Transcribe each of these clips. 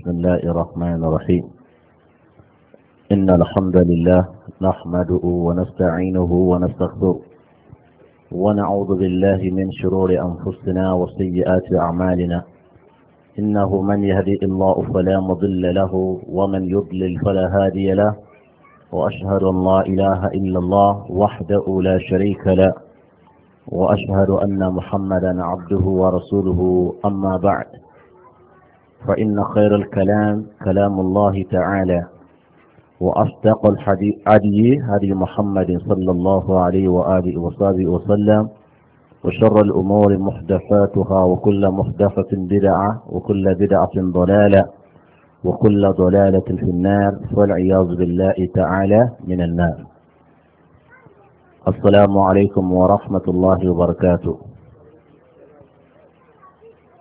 بسم الله الرحمن الرحيم إن الحمد لله نحمده ونستعينه ونستغفره ونعوذ بالله من شرور أنفسنا وسيئات أعمالنا إنه من يهدي الله فلا مضل له ومن يضلل فلا هادي له وأشهد أن لا إله إلا الله وحده لا شريك له وأشهد أن محمدا عبده ورسوله أما بعد فإن خير الكلام كلام الله تعالى وأصدق الحديث هدي محمد صلى الله عليه وآله وصحبه وسلم وشر الأمور محدثاتها وكل محدثة بدعة وكل بدعة ضلالة وكل ضلالة في النار والعياذ بالله تعالى من النار السلام عليكم ورحمة الله وبركاته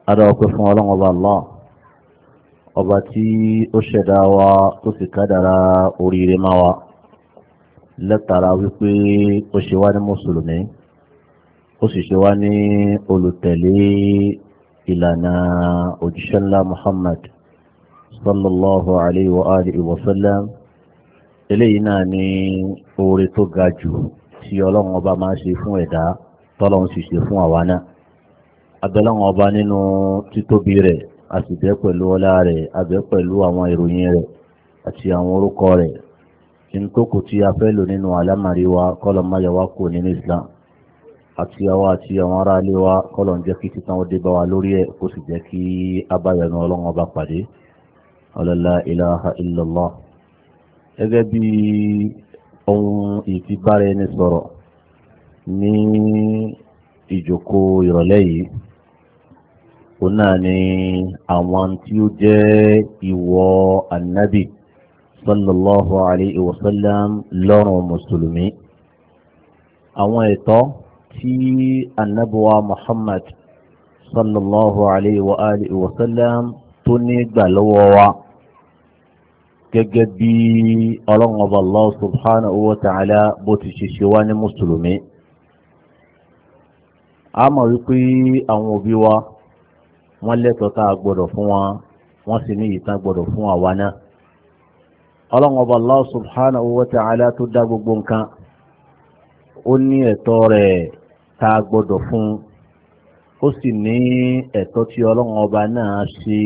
أدعوكم الله الله ọba tí ó ṣẹ̀dá wa tó sì kádàrá oríire máa wa lẹ́tara wípé ó ṣe wá ní mùsùlùmí ó sì ṣe wá ní olùtẹ̀lé ìlànà òjíṣẹ́ ńlá Muhammad sallallahu alayhi wa alihi wa sallam eléyìí náà ni oore tó ga jù tí ọlọ́run ọba máa ṣe fún ẹ̀dá tọ́lọ́run sì ṣe fún àwa náà abẹ́lẹ́wọ̀n ọba nínú títóbi rẹ̀ àtìbẹ́ pẹ̀lú ọlá rẹ̀ abẹ́ pẹ̀lú àwọn ìròyìn rẹ̀ àti àwọn orúkọ rẹ̀ kí n tó kù tí a fẹ́ lò nínú àlámàrí wa kọ́lọ̀ máyà wá kù nínú Islam àti àwa àti àwọn ará ilé wa jẹ́ kí títan ó dé bá wa lórí ẹ̀ kó sì jẹ́ kí abáyọ̀nù ọlọ́run ọba pàdé ọlọ́lá ilaha illallah gẹ́gẹ́ bí ohun ìfibára ẹni sọ̀rọ̀ ní ìjòkó ìrọ̀lẹ́ yìí òun náà ni àwọn tí ó jẹ́ ìwọ ànábì sallallahu alayhi wa sallam lọ́rùn mùsùlùmí àwọn ẹ̀tọ́ tí ànábùwà Muhammad sallallahu alayhi wa alihi wa sallam tó ní gbà lọ́wọ́ wa gẹ́gẹ́ bí ọlọ́run ọba Allah subhanahu wa ta'ala bó ti ṣe ṣe wá ní mùsùlùmí a mọ̀ wípé àwọn òbí wa wọ́n lẹ́tọ̀ọ́ tá a gbọ́dọ̀ fún wọn wọ́n sì ní ìtàn gbọ́dọ̀ fún àwa náà. ọlọ́run ọba Allah subhanahu wa ta'ala tó dá gbogbo nǹkan ó ní ẹ̀tọ́ rẹ̀ tá a gbọ́dọ̀ fún ó sì ní ẹ̀tọ́ tí ọlọ́run ọba náà ṣe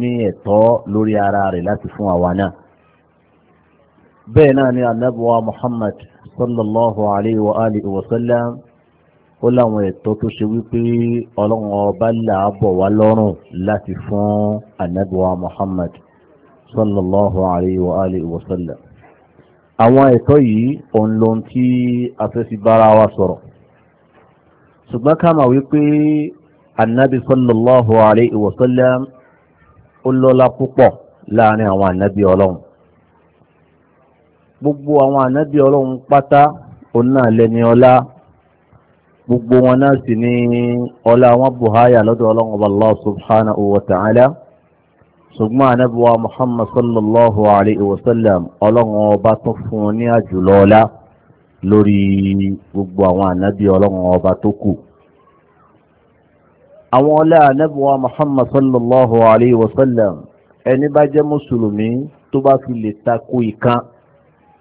ní ẹ̀tọ́ lórí ara rẹ̀ láti fún àwa náà. bẹ́ẹ̀ náà ni anabuwa Muhammad sallallahu alayhi wa alihi wa sallam ó láwọn ẹ̀tọ́ tó ṣe wípé ọlọ́run ọba là á bọ̀ wá lọ́rùn láti fún anabiwa muhammad sallallahu alayhi wa alihi wa sallam àwọn ẹ̀tọ́ yìí òun ló ń tí afẹ́fí bára wa sọ̀rọ̀ ṣùgbọ́n ká mà wípé anabi sallallahu alayhi wa sallam ó lọ́lá púpọ̀ láàrin àwọn anabi ọlọ́run gbogbo àwọn anabi ọlọ́run pátá òun náà lẹ́ni ọlá gbogbo wọn náà sì ní ọlá wọn buhaya lọ́dọ̀ ọlọ́run ọba allah subhanahu wa ta'ala ṣùgbọ́n anábíwá muhammad sallallahu alayhi wa sallam ọlọ́run ọba tó fún un ní àjùlọ ọlá lórí gbogbo àwọn anábí ọlọ́run ọba tó kù àwọn ọlá anábíwá muhammad sallallahu alayhi wa ẹni bá jẹ́ mùsùlùmí tó bá fi lè takò ìkan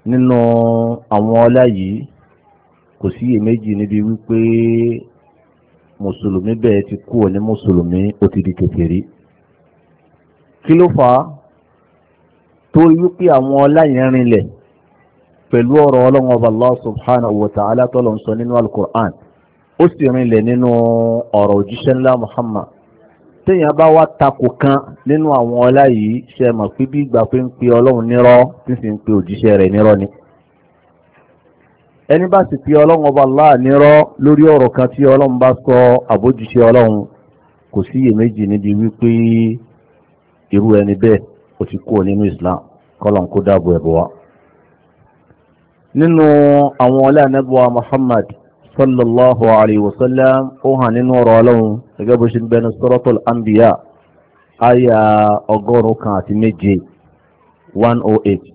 nínú àwọn ọlá yìí kò sí iyèméjì níbi wípé mùsùlùmí bẹ́ẹ̀ ti kú ọ̀ ní mùsùlùmí ó ti di kèfèrí kí ló fà á torí wípé àwọn ọlá yẹn rinlẹ̀ pẹ̀lú ọ̀rọ̀ ọlọ́run ọba Allah subhanahu wa ta'ala tọ́lọ̀ ń sọ nínú al-Qur'an ó sì rinlẹ̀ nínú ọ̀rọ̀ òjíṣẹ́ ńlá Muhammad téèyàn bá wá takò kan nínú àwọn ọlá yìí ṣe mọ̀ pé bí ìgbà pé ń pe ọlọ́run nírọ́ tí sì ń pe òjíṣẹ́ rẹ̀ nírọ́ ni. ẹni bá sì fi ọlọ́run ọba Allah nírọ́ lórí ọ̀rọ̀ kan tí ọlọ́run bá sọ àbójúṣe ọlọ́run kò sí iyèméjì níbi wípé irú ẹni bẹ́ẹ̀ ó ti kúrò nínú Islam kọ́lọ̀n kó dáàbò ẹ̀bọ̀ wa. nínú àwọn ọlá anábọ̀ Muhammad sallallahu alayhi wa sallam ó hàn nínú ọ̀rọ̀ ọlọ́run gẹ́gẹ́ bó ṣe ń bẹnu Suratul Anbiya àyà ọgọ́rùn-ún kan àti méje one oh eight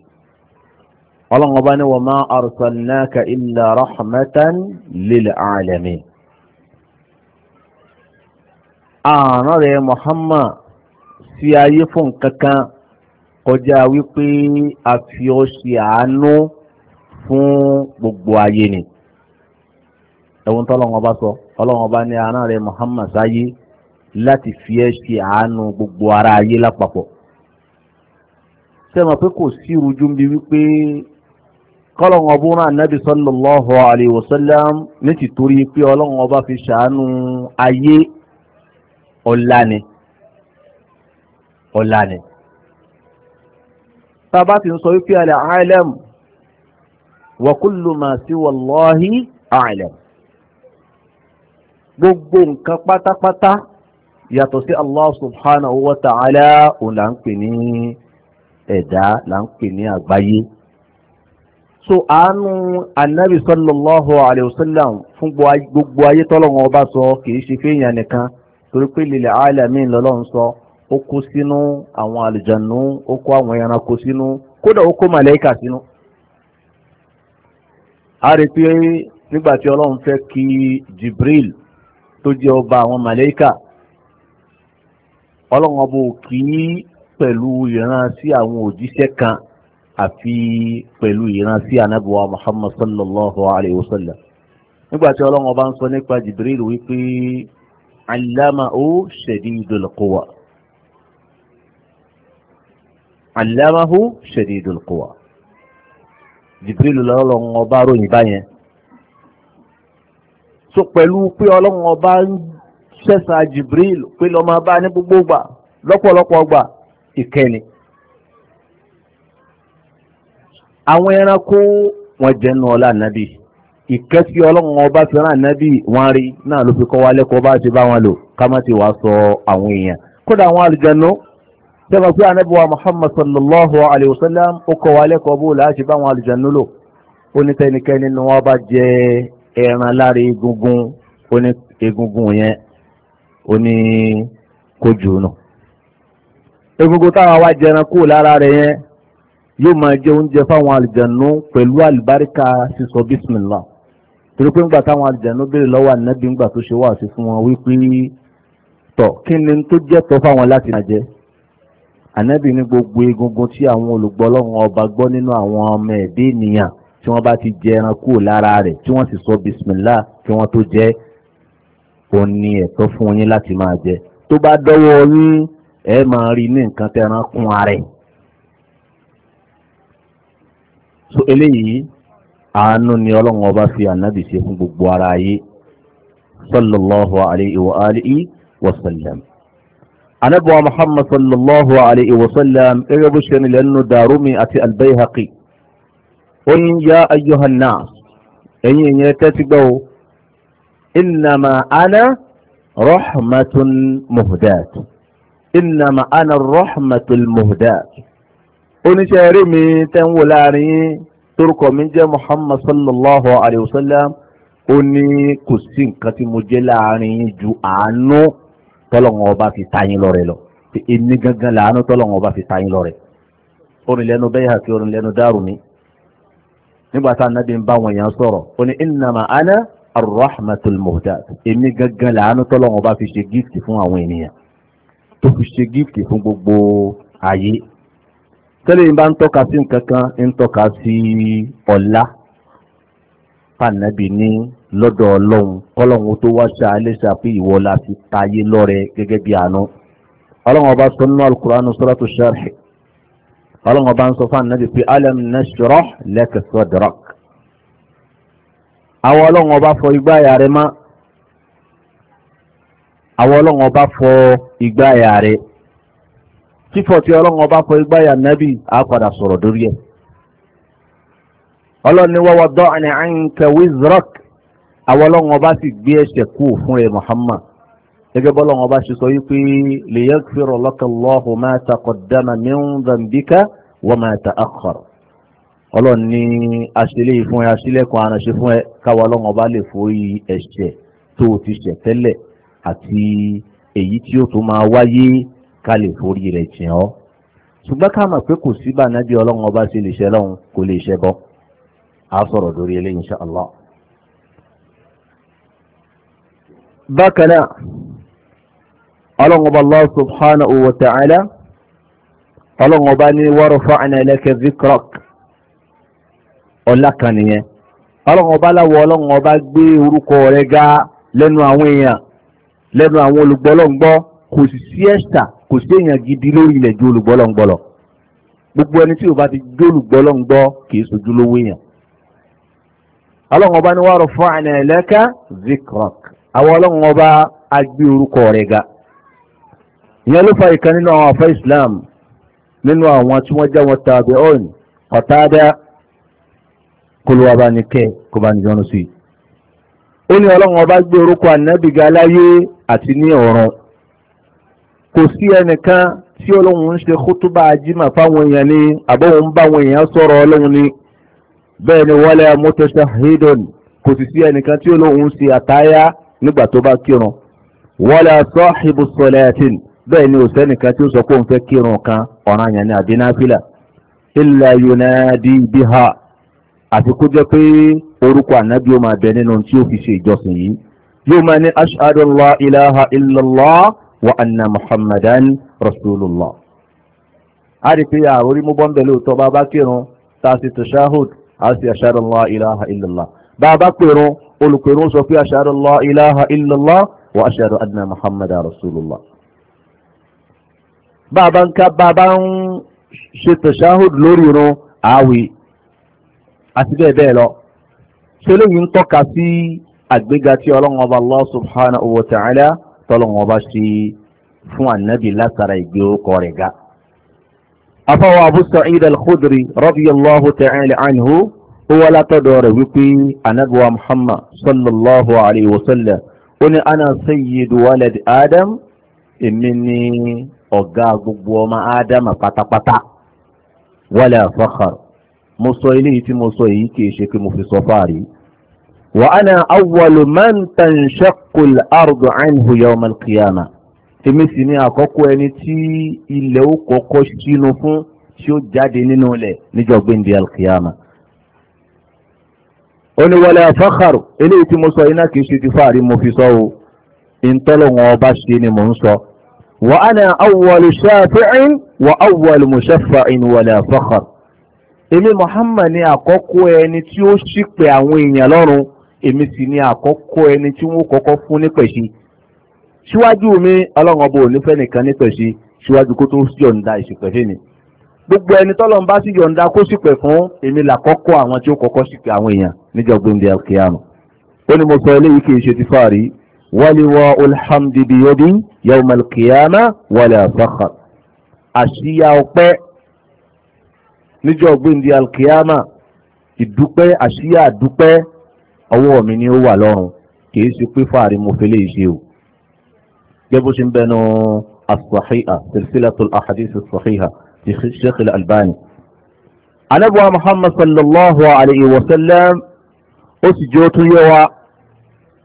ọlọ́run ọba ní wa ma arsalnaka illa rahmatan lil alamin ààrùn rẹ̀ Muhammad sí ayé fún kankan kọjá wípé a fi ọ́ ṣe àánú fún gbogbo ayé ni ẹ̀wọ̀n tó ọlọ́run ọba sọ ọlọ́run ọba ní ààrùn rẹ̀ Muhammad sáyé láti fi ẹ́ ṣe àánú gbogbo ara ayé lápapọ̀ sẹ́wọ̀n pé kò sí irújú ń bi wípé kọ́lọ̀wọ̀n ọbú rán nábi sallallahu alayhi wa sallam ní ti torí pé ọlọ́wọ̀n ọba fi ṣàánú ayé ọ̀la ni ọ̀la ni tábà ti ń sọ wípé alẹ́ àìlẹ́m wa kullu ma siwa Allahi àìlẹ́m gbogbo nǹkan pátápátá yàtọ̀ sí Allah subhanahu wa ta'ala òun ń pè ní ẹ̀dá là ń pè ní àgbáyé. so àánú anabi sallallahu alayhi wa sallam fún gbogbo ayé tọ́lọ́wọ́n ọba sọ kìí ṣe fẹ́yàn nìkan torí pé lílẹ̀ alamin lọ́lọ́run sọ ó kó sínú àwọn àlùjànnú ó kó àwọn ẹranko sínú kódà ó kó màlẹ́kà a pé nígbà tí Jibril tó jẹ́ ọba àwọn màlẹ́kà ọlọ́run ọba ò pẹ̀lú ìran sí kan àfi pẹ̀lú ìrántí anábùwà muhammad sallallahu alayhi wa sallam nígbàtí ọlọ́run ọba ń sọ nípa jibril wípé allamahu shadidul quwa allamahu shadidul quwa jibril lọ́lọ́run ọba ròyìn báyẹn so pẹ̀lú pé ọlọ́run ọba ń ṣẹ̀sà jibril pé lọ́mọ bá ní gbogbo gbà lọ́pọ̀lọpọ̀ gbà ìkẹ́ni. àwọn ẹranko wọn jẹ́ nù ọlá nàbì ìkẹ́sí ọlọ́run ọba fi nàbì wọn rí náà fi kọ́ wa lẹ́kọ̀ọ́ bá ti bá wọn lò ká má ti wá sọ àwọn èèyàn kódà àwọn àlùjànnú sẹ́fà pé anábíwá muhammad sallallahu alayhi wa sallam ó kọ́ wa lẹ́kọ̀ọ́ bó láti bá àwọn lò ó ní jẹ ẹran lára egungun ó ní egungun yẹn ó ní egungun táwa wá jẹran lára yẹn yóò máa jẹ oúnjẹ fáwọn àlìjànú pẹ̀lú àlìbáríkà sísọ bísímìlá torí pé ńgbà táwọn àlìjànú béèrè lọ́wọ́ ànábì ńgbà tó ṣe wáàsí fún wọn wípé tọ̀ kí ni tó jẹ́ tọ́ fáwọn láti máa jẹ ànábì ní gbogbo egungun tí àwọn olùgbọ́ ọlọ́run ọba gbọ́ nínú àwọn ọmọ ẹ̀dá ènìyàn tí wọ́n bá ti jẹ ẹran kúrò lára rẹ̀ tí wọ́n sì sọ bísímìlá kí wọ́n tó jẹ ó ní ẹ̀tọ́ fún yín láti máa jẹ tó bá dọ́wọ́ yín ẹ máa rí ní nǹkan tẹ́ran kún ara ẹ̀ so eleyi anu ni ọlọ́run ọba fi ànábì ṣe fún gbogbo ara ayé sallallahu alaihi wa alihi wa sallam anabi muhammad sallallahu alaihi wa sallam gẹ́gẹ́ bushani lanu dàrúmi àti albayhaqi ó ní ya ayyuhan nas ẹ̀yin ìyẹn ti gbọ́ o ma ana rahmatun muhdat inna ma ana rahmatul muhdat oníṣẹ́ rí mi tẹ́ ń wò láàrin yín torúkọ mi jẹ́ Muhammad sallallahu alayhi wa sallam ó ní kò sí nǹkan tí mo jẹ́ láàrin yín ju àánú tọ́lọ́wọ́n ọba fi ta yín lọ́rẹ̀ lọ èmi gangan làánú tọ́lọ́wọ́n ọba fi ta yín lọ́rẹ̀ orin lẹ́nu bẹ́ẹ̀ àti orin lẹ́nu dàrú mi nígbà tá ànábì ń bá wọn èèyàn sọ̀rọ̀ ó ní innama ana arrahmatul muhtad èmi gangan làánú tọ́lọ́wọ́n ọba fi ṣe gíftì fún àwọn ènìyàn tó fi ṣe gíftì fún gbogbo ayé tẹ́lẹ̀ yìí bá ń tọ́ka sí nǹkan kan ń tọ́ka sí ọ̀la pànàbì ní lọ́dọ̀ ọlọ́run kọ́lọ́run tó wá ṣá ẹlẹ́ṣà pé ìwọ la fi tayé lọ́rẹ gẹ́gẹ́ bí àánú ọlọ́run ọba sọ nínú alukuraanu suratu sharh ọlọ́run ọba ń sọ fún ànábì pé alam nashrah laka sadrak àwọn ọlọ́run ọba fọ igbá àyà mọ́ àwọn ọlọ́run ọba fọ igbá àyà mọ́ kífọ̀ tí ọlọ́run ọba fọ igbá ya nábì á padà sọ̀rọ̀ dórí ẹ̀ ọlọ́run ni wọ́wọ́ dọ́ọ̀nì ànkà wizrock àwọn ọlọ́run ọba sì gbé ẹ̀ṣẹ̀ kú fún ẹ̀ Muhammad gẹ́gẹ́ bọ́lọ́run ọba ṣe sọ wípé lè yẹ kúrò lọ́kànlọ́hùn máa takọ̀ dáná mìíràn dàmbíkà wọ́n máa ta àkọ̀rọ̀ ọlọ́run ní aṣílẹ̀ fún ẹ aṣílẹ̀kùn aránṣẹ́ fún ẹ káwọn ọlọ́run ọba lè ká lè forí rẹ̀ jìn ọ́ ṣùgbọ́n ká mọ̀ pé kò sí bànábí ọlọ́run ọba sí lè ṣe lọ́run kò lè ṣe bọ́ a sọ̀rọ̀ lórí eléyìí insha Allah. bákan náà ọlọ́run ọba Allah subhanahu wa ta'ala ọlọ́run ọba ní wa rafa'na laka dhikrak ọlá nìyẹn ọlọ́run ọba láwọ ọlọ́run ọba gbé orúkọ rẹ̀ ga lẹ́nu àwọn èèyàn lẹ́nu àwọn olùgbọ́ kò sí ẹ̀ṣà kò sí èèyàn gidi lórí ilẹ̀ ju olùgbọ́lọ́ngbọ́lọ́ gbogbo ẹni tí ó bá ti jó olùgbọ́lọ́ngbọ́ kì í sojú lówó èèyàn ọlọ́run ọba ni wàá rọ fún zikrok àwọn ọlọ́run ọba agbé orúkọ rẹ̀ ga ìyẹn Islam nínú àwọn tí wọ́n jẹ́ wọn tàbí ọ̀hún kólúwa bá ní kẹ́ kó bá ní jọ́nu sí i kò sí ẹnìkan tí ọlọ́run ń ṣe kútúbà jimá fáwọn èèyàn ni àbọ̀wọ̀n bá àwọn èèyàn sọ̀rọ̀ ọlọ́run ni bẹ́ẹ̀ ni wala mutashahhidun kò sì sí ẹnìkan tí ọlọ́run ṣe àtáyá nígbà tó bá kírun wala sahibu salatin bẹ́ẹ̀ ni òsẹ́nìkan tí ó sọ pé òun fẹ́ kírun kan ọ̀ràn yẹn ni àdínáfílà illa yunadi biha àfi kó jẹ́ pé orúkọ ànábì ó máa bẹ nínú tí ó fi ṣe ìjọsìn yìí yóò máa ní ashhadu an la ilaha illallah wa anna muhammadan rasulullah. a rí pé àwòrí mú bọ́ńbẹ̀ lóòótọ́ bá bá kírun tá a sì tashahud a sì ashhadu la ilaha illallah bá a bá pèrún olùpèrún sọ pé ashhadu la ilaha illallah wa ashhadu anna muhammadan rasulullah. bá a bá ń ká bá a bá ń ṣe tashahud lórí irun àwì àti bẹ́ẹ̀ bẹ́ẹ̀ lọ ṣe lóyún tọ́ka sí àgbéga allah subhanahu wa ta'ala tọ́lọ́wọ́n bá ṣe fún ànábì látara ìgbé orúkọ rẹ̀ ga. afọwọ́ abu sa'id al-khudri radiyallahu ta'ala anhu ó wá látọ̀dọ̀ rẹ̀ wípé ànábì wa muhammad sallallahu alayhi wa sallam ó ní ana sayyidu walad adam èmi ni ọ̀gá gbogbo ọmọ adam pátápátá wala fakhar mo sọ eléyìí tí mo sọ èyí kì í ṣe pé mo fi sọ fáàrí. وأنا أول من تنشق الأرض عنه يوم القيامة èmi sì ni àkọ́kọ́ ẹni tí ilẹ̀ ó kọ́kọ́ sínú fún tí ó jáde nínú ilẹ̀ níjọ́ gbẹ̀ndé alkiyama. ó ní wọlé afákàrò eléyìí tí mo sọ iná kìí ṣe ti fáàrí mo fi sọ o ìtọ́lọ́wọ́n ọba ṣe ni mò ń sọ. wa ana awwal shafi'in wa awwal mushaffa'in wọlé afákàrò. èmi Muhammad ni àkọ́kọ́ ẹni tí ó ṣìpẹ̀ àwọn èèyàn lọ́rùn èmi sì ni àkọ́kọ́ ẹni tí wọ́n kọ́kọ́ fún nípẹ̀ṣe síwájú mi ọlọ́run ọba ò ní fẹ́ nìkan nípẹ̀ṣe síwájú kó tó yọ̀ǹda ìṣìpẹ̀ fún mi gbogbo ẹni tọ́lọ́run bá sì yọ̀ǹda kó ṣìpẹ̀ fún èmi làkọ́kọ́ àwọn tí ó kọ́kọ́ ṣìpẹ̀ àwọn èèyàn níjọ́ gbòǹde àkíyàmù ó ní mo sọ eléyìí kì í ṣe ti fáàrí wàlíwọ́ olhamdi biyodi yawmal qiyama wàlẹ̀ àfàkà àṣìyà ọpẹ́ níjọ́ gbòǹde àkíyàmà ìdúpẹ́ àṣìyà àdúpẹ́ ọwọ́ mi ni ó wà lọ́rùn kì í ṣe pé fàárí mo fi lè ṣe o. gẹ́gbó ṣe ń bẹnu as-sahiha silsilatul ahadith as-sahiha ti sheikh al-albani. anabuwa muhammad sallallahu alayhi wa sallam ó sì jó tún yọ wa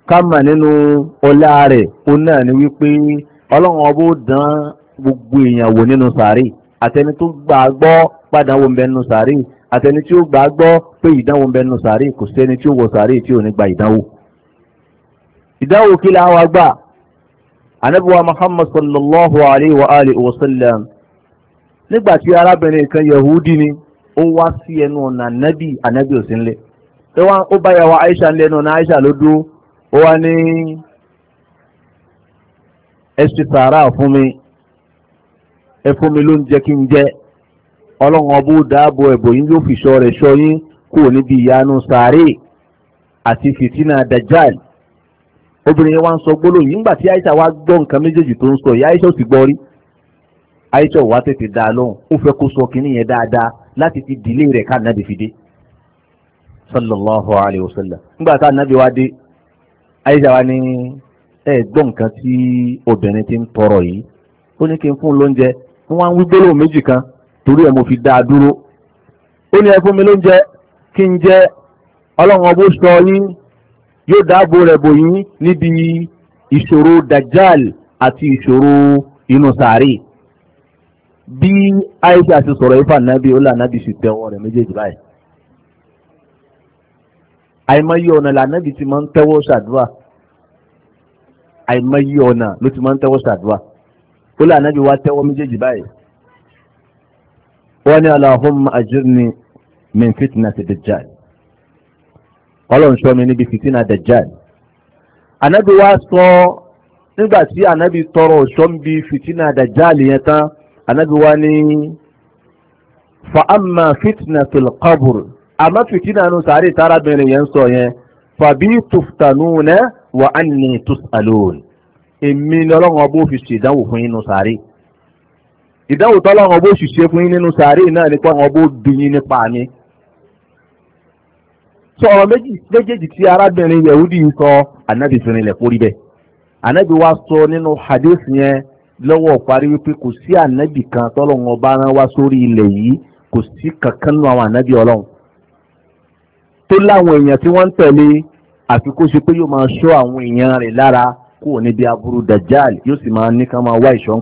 kámà nínú ọlá rẹ̀ ni wípé ọlọ́run ọba dán gbogbo èèyàn wò nínú sàárè àtẹni tó gbà padà wò ń nínú sàárè àtẹni tí ó gbà á gbọ́ pé ìdánwò ń bẹ nínú sàárè kò sẹ́ni tí ó wọ sàárè tí ò ní gba ìdánwò ìdánwò kí la wá gbà anabiwa muhammad sallallahu alayhi wa alihi wa sallam nígbà tí arábìnrin kan yahudi ni ó wá sí ẹnu ọ̀nà anabi anabi ò sí nílé ó bá yàwó aisha ń lẹ́nu ọ̀nà aisha ló dúró ó wá ní ẹ sàárà fún mi ẹ fún mi ló ń jẹ kí n jẹ ọlọ́run ọbú dáàbò ẹ̀bọ̀ yín yóò fi ṣọ́ rẹ̀ ṣọ́ yín kúrò níbi ìyanu sàárè àti fìtínà dajjal obìnrin yẹn wá ń sọ gbólóhùn yìí ńgbà tí aisha wá gbọ́ nǹkan méjèèjì tó ń sọ yìí aisha ò sì gbọ́ rí aisha ò wá tètè dáa lóhùn ó fẹ́ kó sọ kínní yẹn dáadáa láti fi dìlé rẹ̀ ká nàbì fi dé sallallahu alayhi wa sallam ńgbà tá nàbì wá dé aisha wá ẹ gbọ́ nǹkan tí obìnrin ti ń tọrọ yìí ó ní fún lóúnjẹ torí ẹ̀ mo fi dá a dúró ó ní ẹ fún mi lóúnjẹ kí n jẹ ọlọ́run ọbó sọ yín yóò dáàbò rẹ̀ bò yín níbi ìṣòro dajjal àti ìṣòro inú sàárè bí Aisha ti sọ̀rọ̀ ifá nàbí ó là nàbí sì tẹ́wọ́ rẹ̀ méjèèjì báyìí àìmọye ọ̀nà lànàbí ti máa ń tẹ́wọ́ ṣàdúrà àìmọye ọ̀nà ló ti máa ń tẹ́wọ́ ṣàdúrà ó là nàbí tẹ́wọ́ méjèèjì báyìí wọ́n ní Allahumma ajirni min fitnati dajjal ọlọ́run ṣọ́ mi níbi fitina dajjal anabi wa sọ nígbà tí anabi tọrọ ṣọ́ mi bí fitina dajjal yẹn tán anabi wa ní fa amma fitnatul qabr àmọ́ fitina nu sáré tárábìnrin yẹn sọ yẹn fàbí tuftanuna wa anni tusalun èmi ni ọlọ́run ọbọ̀ fi ṣèdánwò fún yín nu sáré ìdánwò tọ́lọ́run ọbọ̀ òṣìṣẹ́ fún yín nínú sàárè náà nípa ọ̀run ọbọ̀ bí yín nípa mi. sọ ọ̀rọ̀ méjèèjì tí arábìnrin yahudi yìí sọ ànábì fi rinlẹ̀ kórí bẹ́ẹ̀ ànábì wa sọ nínú hadith yẹn lọ́wọ́ parí wípé kò sí ànábì kan tọ́lọ́run ọba rán wá sórí ilẹ̀ yìí kò sí kankan nínú àwọn ànábì ọlọ́run tó láwọn èèyàn tí wọ́n ń tẹ̀lé àfi kó ṣe pé yóò máa ṣọ́ àwọn èèyàn rẹ̀ lára kúrò níbi aburú dajjal yóò sì máa ní ká máa wá ìṣọ́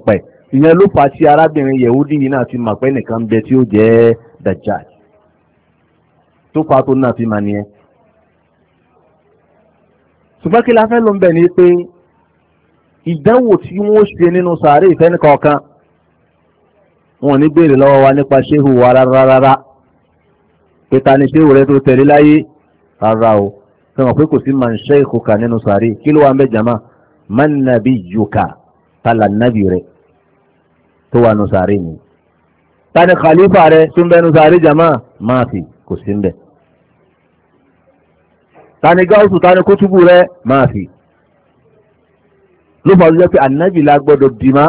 ìyẹn ló fà á tí arábìnrin yehudi yìí náà ti mọ̀ pé nìkan bẹ tí ó jẹ́ dajjal tó fà á tó náà fi mà nìyẹn. ṣùgbọ́n kí la fẹ́ ló ń bẹ̀ ni pé ìdánwò tí wọ́n ṣe nínú sàárè ìfẹ́nìkọ̀ọ̀kan wọn ò ní béèrè lọ́wọ́ wa nípa ṣéhù wa rárá rárá pé ta ni ṣéhù rẹ tó tẹ̀lé láyé rárá o fẹ́ràn pé kò sí man shaykhuka nínú sàárè kí ló wà ń bẹ̀ jàmá man nabiyyuka tala nabi rẹ̀ tó wà nù sàárè ni tani khalifa rẹ tó ń bẹ nù sàárè jama máa fi kò sí ń bẹ tani gáúsù tani kútùbù rẹ máa fi ló fà jẹ́ pé ànábì la gbọ́dọ̀ dìmá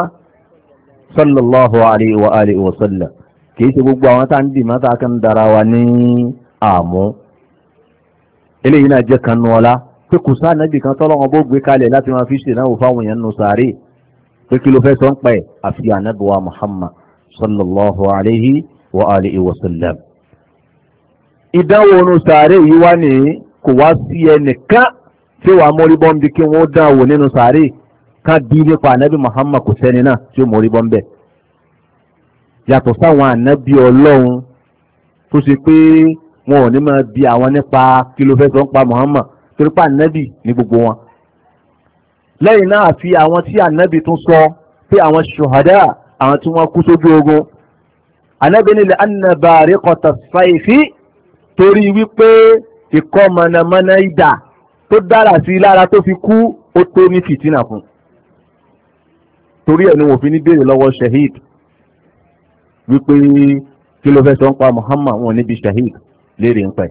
sallallahu alayhi wa alihi wa sallam kì í ṣe gbogbo àwọn tá ń dìmá tá a kan dara wa ní àmú eléyìí náà jẹ́ kan nọ́ọ́lá pé kò sá ànábì kan tọ́lọ́wọ́n bó gbé kalẹ̀ láti máa fi ṣe náà fáwọn èèyàn nù pé kí ló fẹ́ sọ ń pa ẹ̀ àfi ànábùwà muhammad sallallahu alayhi wa alihi wa sallam. ìdánwò nù sàárè yìí wá ní kò wá sí ẹnìkan tí wàá mórí bọ́m̀bì kí wọ́n dánwò nínú sàárè ká bí nípa ànábì muhammad kò sẹ́ni náà tí ó mórí bọ́m̀bẹ̀. yàtọ̀ sáwọn ànábì ọlọ́run tó ṣe pé wọn ò ní máa bi àwọn nípa kí ló fẹ́ sọ ń pa muhammad torí pa ànábì ní gbogbo wọn lẹ́yìn náà àfi àwọn tí ànábì tún sọ pé àwọn ṣùhádà àwọn tí wọ́n kú sójú ogun anábìnilẹ̀ annabari kọta saifi torí wípé ikọ́ mọ̀nàmọ́ná ìdà tó dára sí lára tó fi kú ó tó ní fìtínà fún torí ẹ̀ ni wọ́n fi ní béèrè lọ́wọ́ shahid wípé kí ló fẹ́ sọ ń pa Muhammad wọn níbi shahid léèrè ń pẹ́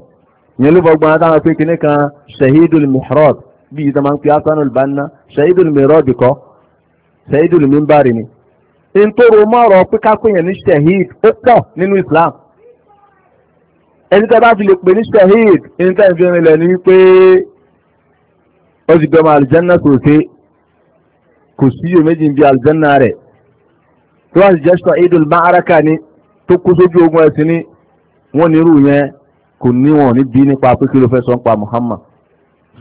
ìyẹn ló adáwọn pé kinní kan shahidul mihrab bíi ìtàn máa ń pe asanul banna shahidul mihrab kọ́ sẹ́yìdùn mi ń bá rè ni ntòrò mọ́rọ̀ pé kápẹ́yàn ní shahid ó pọ̀ nínú Islam ẹni tẹ́ bá fi lè pè ní shahid ẹni tẹ́ fi rìnlẹ̀ ní pé ó ti gbẹmọ alìjẹ́nà sòfé kò sí iye méjì bí alìjẹ́nà rẹ̀ tó wá sí jẹ́ shahidul ma'araka ni tó kó sójú ogun ẹ̀sìn ni wọ́n ní irú yẹn kò níwọ̀n níbi nípa pé kí ló fẹ́ sọ pa Muhammad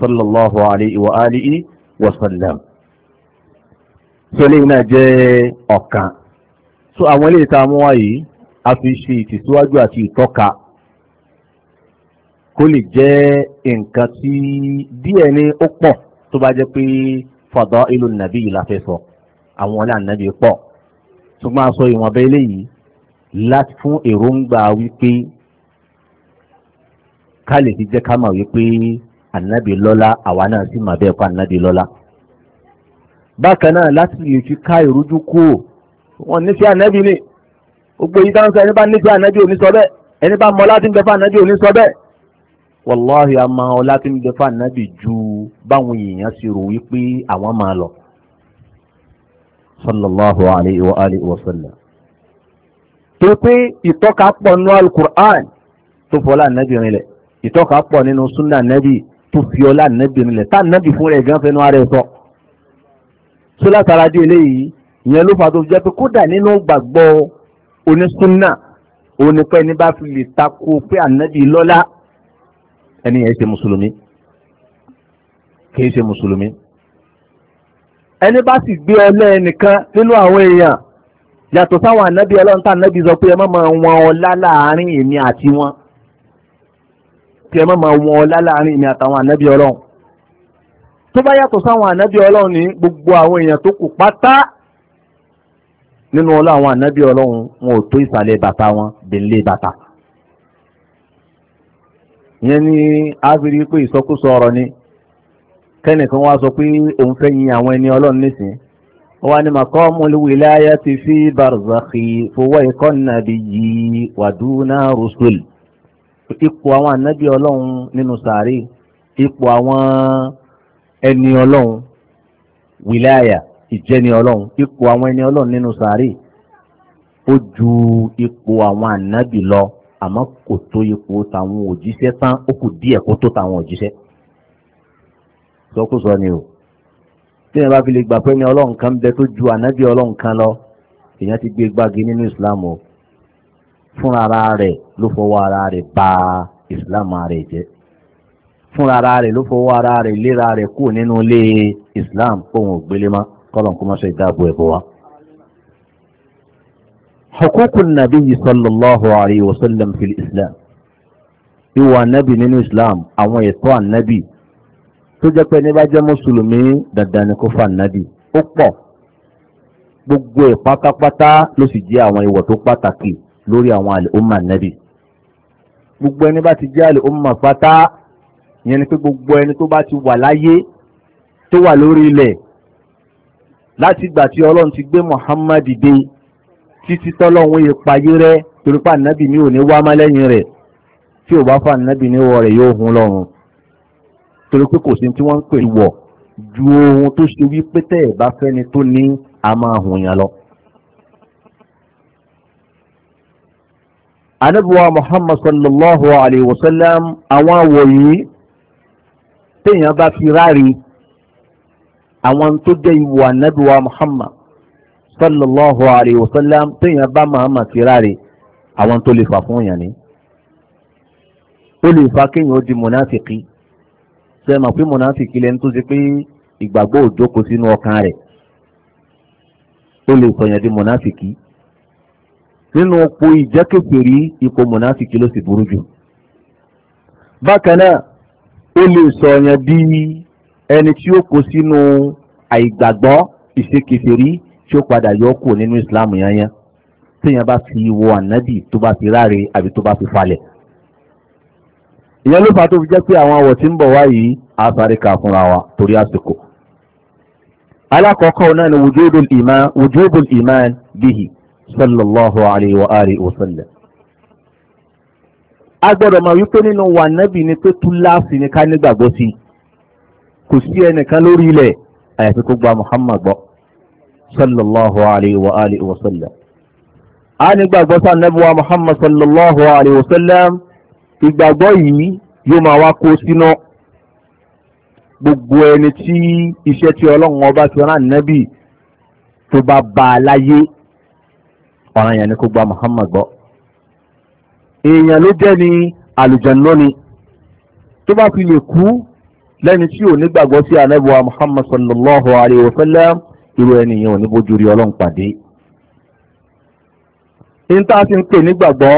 sallallahu alayhi wa alihi wa sallam so eléyìí jẹ́ ọ̀kan so àwọn eléyìí tá a mú wá yìí a fi ṣe ìtẹ̀síwájú àti ìtọ́ka kó lè jẹ́ nǹkan tí díẹ̀ ní ó pọ̀ tó bá jẹ́ pé fadailu nàbí yìí la fẹ́ sọ àwọn ọlá nàbí pọ̀ ṣùgbọ́n a sọ ìwọ̀nba eléyìí láti fún èròǹgbà wípé ká lè fi jẹ́ ká mọ̀ wípé ànábì lọ́lá àwa náà sì mà bẹ́ẹ̀ kọ́ ànábì lọ́lá bákan náà láti lè fi ká ìrújú kúrò wọn nífẹ̀ẹ́ ànábì ni gbogbo yìí dáhùn sọ ẹni bá nífẹ̀ẹ́ ànábì ò ní sọ bẹ́ẹ̀ ẹni bá mọ láti ń bẹ fún ànábì ò ní sọ bẹ́ẹ̀ wàláhì a máa ọ láti ń bẹ fún ànábì ju báwọn èèyàn ṣe rò wípé àwọn máa lọ sallallahu alayhi wa alihi wa sallam tó pé ìtọ́ka pọ̀ nínú alukur'an tó fọlá ànábì rinlẹ̀ ìtọ́ka pọ̀ nínú sunna ànábì tó fiọlá ànábì rinlẹ̀ tá ànábì fúnra ẹ̀ gánfẹ́ nínú ara ẹ̀ sọ. So tó látara dé eléyìí ìyẹn ló fà tó fi jẹ́ pé kódà nínú gbàgbọ́ onísúnà onípẹ́ ní bá fi lè takò pé ànábì lọ́lá ẹni yẹn ṣe mùsùlùmí kì í ṣe mùsùlùmí ẹni bá sì gbé ọlẹ́ ẹnìkan nínú àwọn èèyàn yàtọ̀ sáwọn ànábì ọlọ́run tá ànábì sọ pé ẹ má wọn ọlá láàárín èmi àti wọn pé ẹ má wọn ọlá láàárín èmi àtàwọn ànábì ọlọ́run tó bá yàtọ̀ sáwọn ànábì ọlọ́run ní gbogbo àwọn èèyàn tó kù pátá nínú ọlọ́ àwọn ànábì ọlọ́run wọn ò tó ìsàlẹ̀ bàtà wọn délé bàtà. ìyẹn ni a fi rí pé ìsọkúsọ ọ̀rọ̀ ni kẹ́nìkan wá sọ pé òun fẹ́ yin àwọn ẹni ọlọ́run nísìn wọ́n ní maqamul wilayati fi barzakhi fawqa nabiyyi wa duna rusul ipò àwọn ànábì ọlọ́run nínú sàárè ipò àwọn ẹni ọlọ́run wìláyà ìjẹni ọlọ́run ipò àwọn ẹni ọlọ́run nínú sàárè ó ju ipò àwọn ànábì lọ àmọ́ kò tó ipò tàwọn òjíṣẹ́ tán ó kù díẹ̀ kó tó tàwọn òjíṣẹ́ sọkúsọ ni o tí èèyàn bá fi lè gbà pé ẹni ọlọ́run kan bẹ tó ju ànábì ọlọ́run kan lọ èèyàn ti gbé gbági nínú ìsìláàmù o fúnra ara rẹ̀ ló fọwọ́ ara rẹ̀ bà ìsìláàmù ara rẹ̀ fúnra ara rẹ̀ ló fọwọ́ ara rẹ̀ léra rẹ̀ kú nínú ilé islam kóhun ògbélé mọ́ kọ́lọ̀n kó má ṣe dáàbò ẹ̀bọ̀ wa. hukukun nabiyyi sallallahu alayhi wa sallam fil islam ìwà nabi nínú islam àwọn ẹ̀tọ́ ànábì tó jẹ́ pé ní bá jẹ́ mùsùlùmí dandan ni kó fa ànábì ó pọ̀ gbogbo ẹ̀ ló sì jẹ́ àwọn ìwọ̀ tó pàtàkì lórí àwọn àlè ó mà gbogbo ẹni bá ti jẹ́ àlè ó pátá ìyẹn ni pé gbogbo ẹni tó bá ti wà láyé tó wà lórí ilẹ̀ láti ìgbà tí ọlọ́run ti gbé Muhammad dé títí tọ́lọ́run yìí payé rẹ́ torí pa nàbì ní òní wá má lẹ́yìn rẹ̀ tí ò bá fà nàbì ní wọ rẹ̀ yóò hun lọ́run torí pé kò sí tí wọ́n ń pè wọ̀ ju ohun tó ṣe wí pé tẹ́ ẹ̀ bá fẹ́ni tó ní a máa hùn yàn lọ. anabuwa Muhammad sallallahu alayhi wa sallam àwọn àwọ̀ yìí téèyàn bá fi ráre àwọn tó jẹ́ ìwọ ànábìwá Muhammad sallallahu alayhi wa sallam téèyàn bá Muhammad fi ráre àwọn tó lè fà fún yàn ni ó lè fa kéèyàn ó di mùnáfìkì ṣe mọ̀ pé mùnáfìkì lẹni tó ṣe pé ìgbàgbọ́ òjókòó sínú ọkàn rẹ̀ ó lè sọ̀yàn di mùnáfìkì nínú ọ̀pọ̀ ìjẹ́kẹ̀fẹ̀rí ipò mùnáfìkì ló sì burú jù bákan náà ó lè sọ̀yàn di ẹni tí ó kó sínú àìgbàgbọ́ ìṣekèfèrí tí ó padà yọ kù nínú ìsìláàmù yányán téèyàn bá fi wo ànábì tó bá fi ráre àbí tó bá fi falẹ̀. ìyẹn ló fà tó fi jẹ́ pé àwọn àwọ̀ tí ń bọ̀ wá yìí á sáré kà fúnra ni wujudul iman bihi sallallahu alayhi a gbọ́dọ̀ mọ̀ wípé nínú wà nábì ni pé túláàsì ni ká nígbàgbọ́ sí kò sí ẹnìkan lórí ilẹ̀ àyàfi kó gba Muhammad gbọ́ sallallahu alayhi wa alihi wa sallam a nígbàgbọ́ sí anábíwá Muhammad sallallahu alayhi wa sallam ìgbàgbọ́ yìí yóò máa wá kó sínú gbogbo ẹni tí iṣẹ́ tí ọlọ́run ọba ti rán nábì tó bá bá a láyé ọ̀ràn yẹn ni kó gba Muhammad gbọ́ èèyàn ló jẹ́ ni àlùjànnú ni tó bá fi lè kú lẹ́ni tí ò nígbàgbọ́ sí anábọ̀wá muhammad sallallahu alayhi wa sallam irú ẹnìyàn ò ní bójú rí ọlọ́run pàdé níta ti ń pè nígbàgbọ́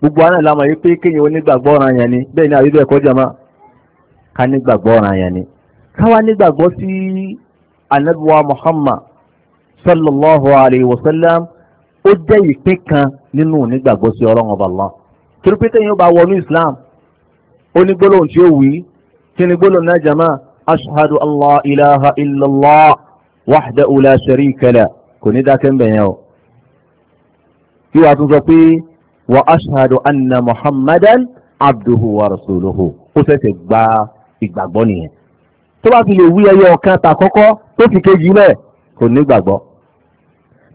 gbogbo aná ìlànà yìí pé kéèyàn onígbàgbọ́ ọ̀ràn yẹn ni bẹ́ẹ̀ ni àbí bẹ́ẹ̀ kọ́ jàmá ká nígbàgbọ́ ọ̀ràn yẹn ni káwá nígbàgbọ́ sí anábọ̀wá muhammad sallallahu alayhi wa sallam ó jẹ́ ìpín kan nínú onígbàgbọ́ sí ọlọ́run ọba Allah torí pé téèyàn bá wọnú Islam ó ní gbólóhùn tí ó wí kí ni gbólóhùn náà jama ashhadu allah ilaha illallah wahdahu la sharika lah kò ní dákẹ́ mbẹ̀ yẹn o kí wàá tún sọ pé wa ashhadu anna muhammadan abduhu wa rasuluhu ó ṣẹ̀ṣẹ̀ gba ìgbàgbọ́ nìyẹn tó bá fi lè wí ẹyọ ọ̀kan tàkọ́kọ́ tó fi kejì lẹ̀ kò ní gbàgbọ́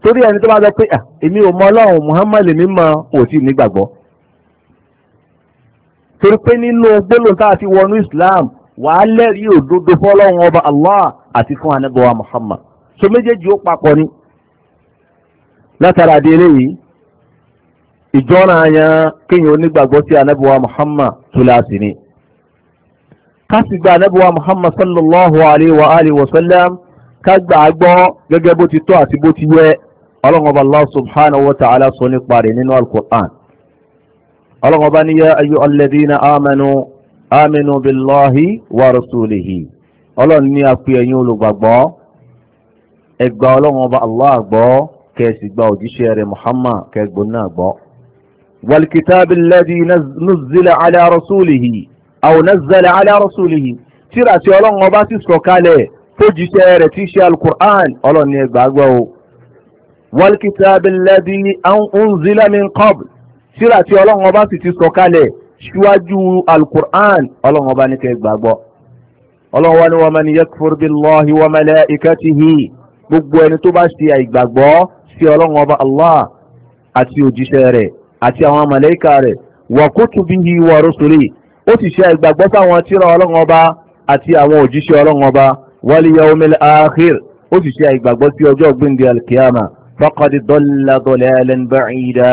torí ẹni tó bá sọ pé ah, èmi ò mọ ọlọ́run Muhammad lèmi mọ òsì nígbàgbọ́ torí pé nínú gbólóhùn tá a ti wọnú Islam wàá lẹ́rìí òdodo fọlọ́run ọba Allah àti fún anábọ́wá Muhammad so méjèèjì ó papọ̀ ni látara adé eléyìí ìjọ́ra yẹn kéèyàn onígbàgbọ́ sí anábọ́wá Muhammad tó láti ní kásì gba anábọ́wá Muhammad sallallahu alayhi wa alihi wa sallam ká gbà gẹ́gẹ́ bó ti tọ́ àti bó ti yẹ ọlọ́ngọba allah subhanahu wa ta'ala sọ nípa rẹ̀ nínú alkur'an ọlọ́ngọba ní yá ayú alladhina amanu aminu billahi wa rasulihi ọlọ́run ní apẹ ẹ̀yin olùgbàgbọ́ ẹgbà ọlọ́ngọba allah gbọ́ kẹsì gba òjíṣẹ́ rẹ̀ muhammad kẹgbọ́n náà gbọ́ والكتاب الذي نزل على رسوله أو نزل والكتاب الذي أنزل من قبل síra tí ọlọ́run ọba sì ti sọ kalẹ̀ ṣíwájú alukur'an ọlọ́run ọba ní kẹ́ gbàgbọ́ ọlọ́run wa ni wa man yakfur billahi wa malaikatihi gbogbo ẹni tó bá ṣe àìgbàgbọ́ sí ọlọ́run ọba allah àti òjíṣẹ́ rẹ̀ àti àwọn màláíkà rẹ̀ wa kutubihi wa rusuli ó sì ṣe àìgbàgbọ́ sáwọn tíra ọlọ́run ọba àti àwọn òjíṣẹ́ ọlọ́run ọba wal yawmil akhir ó sì ṣe àìgbàgbọ́ sí ọjọ́ gbìndín alkiyama faqad dalla dalalan ba'ida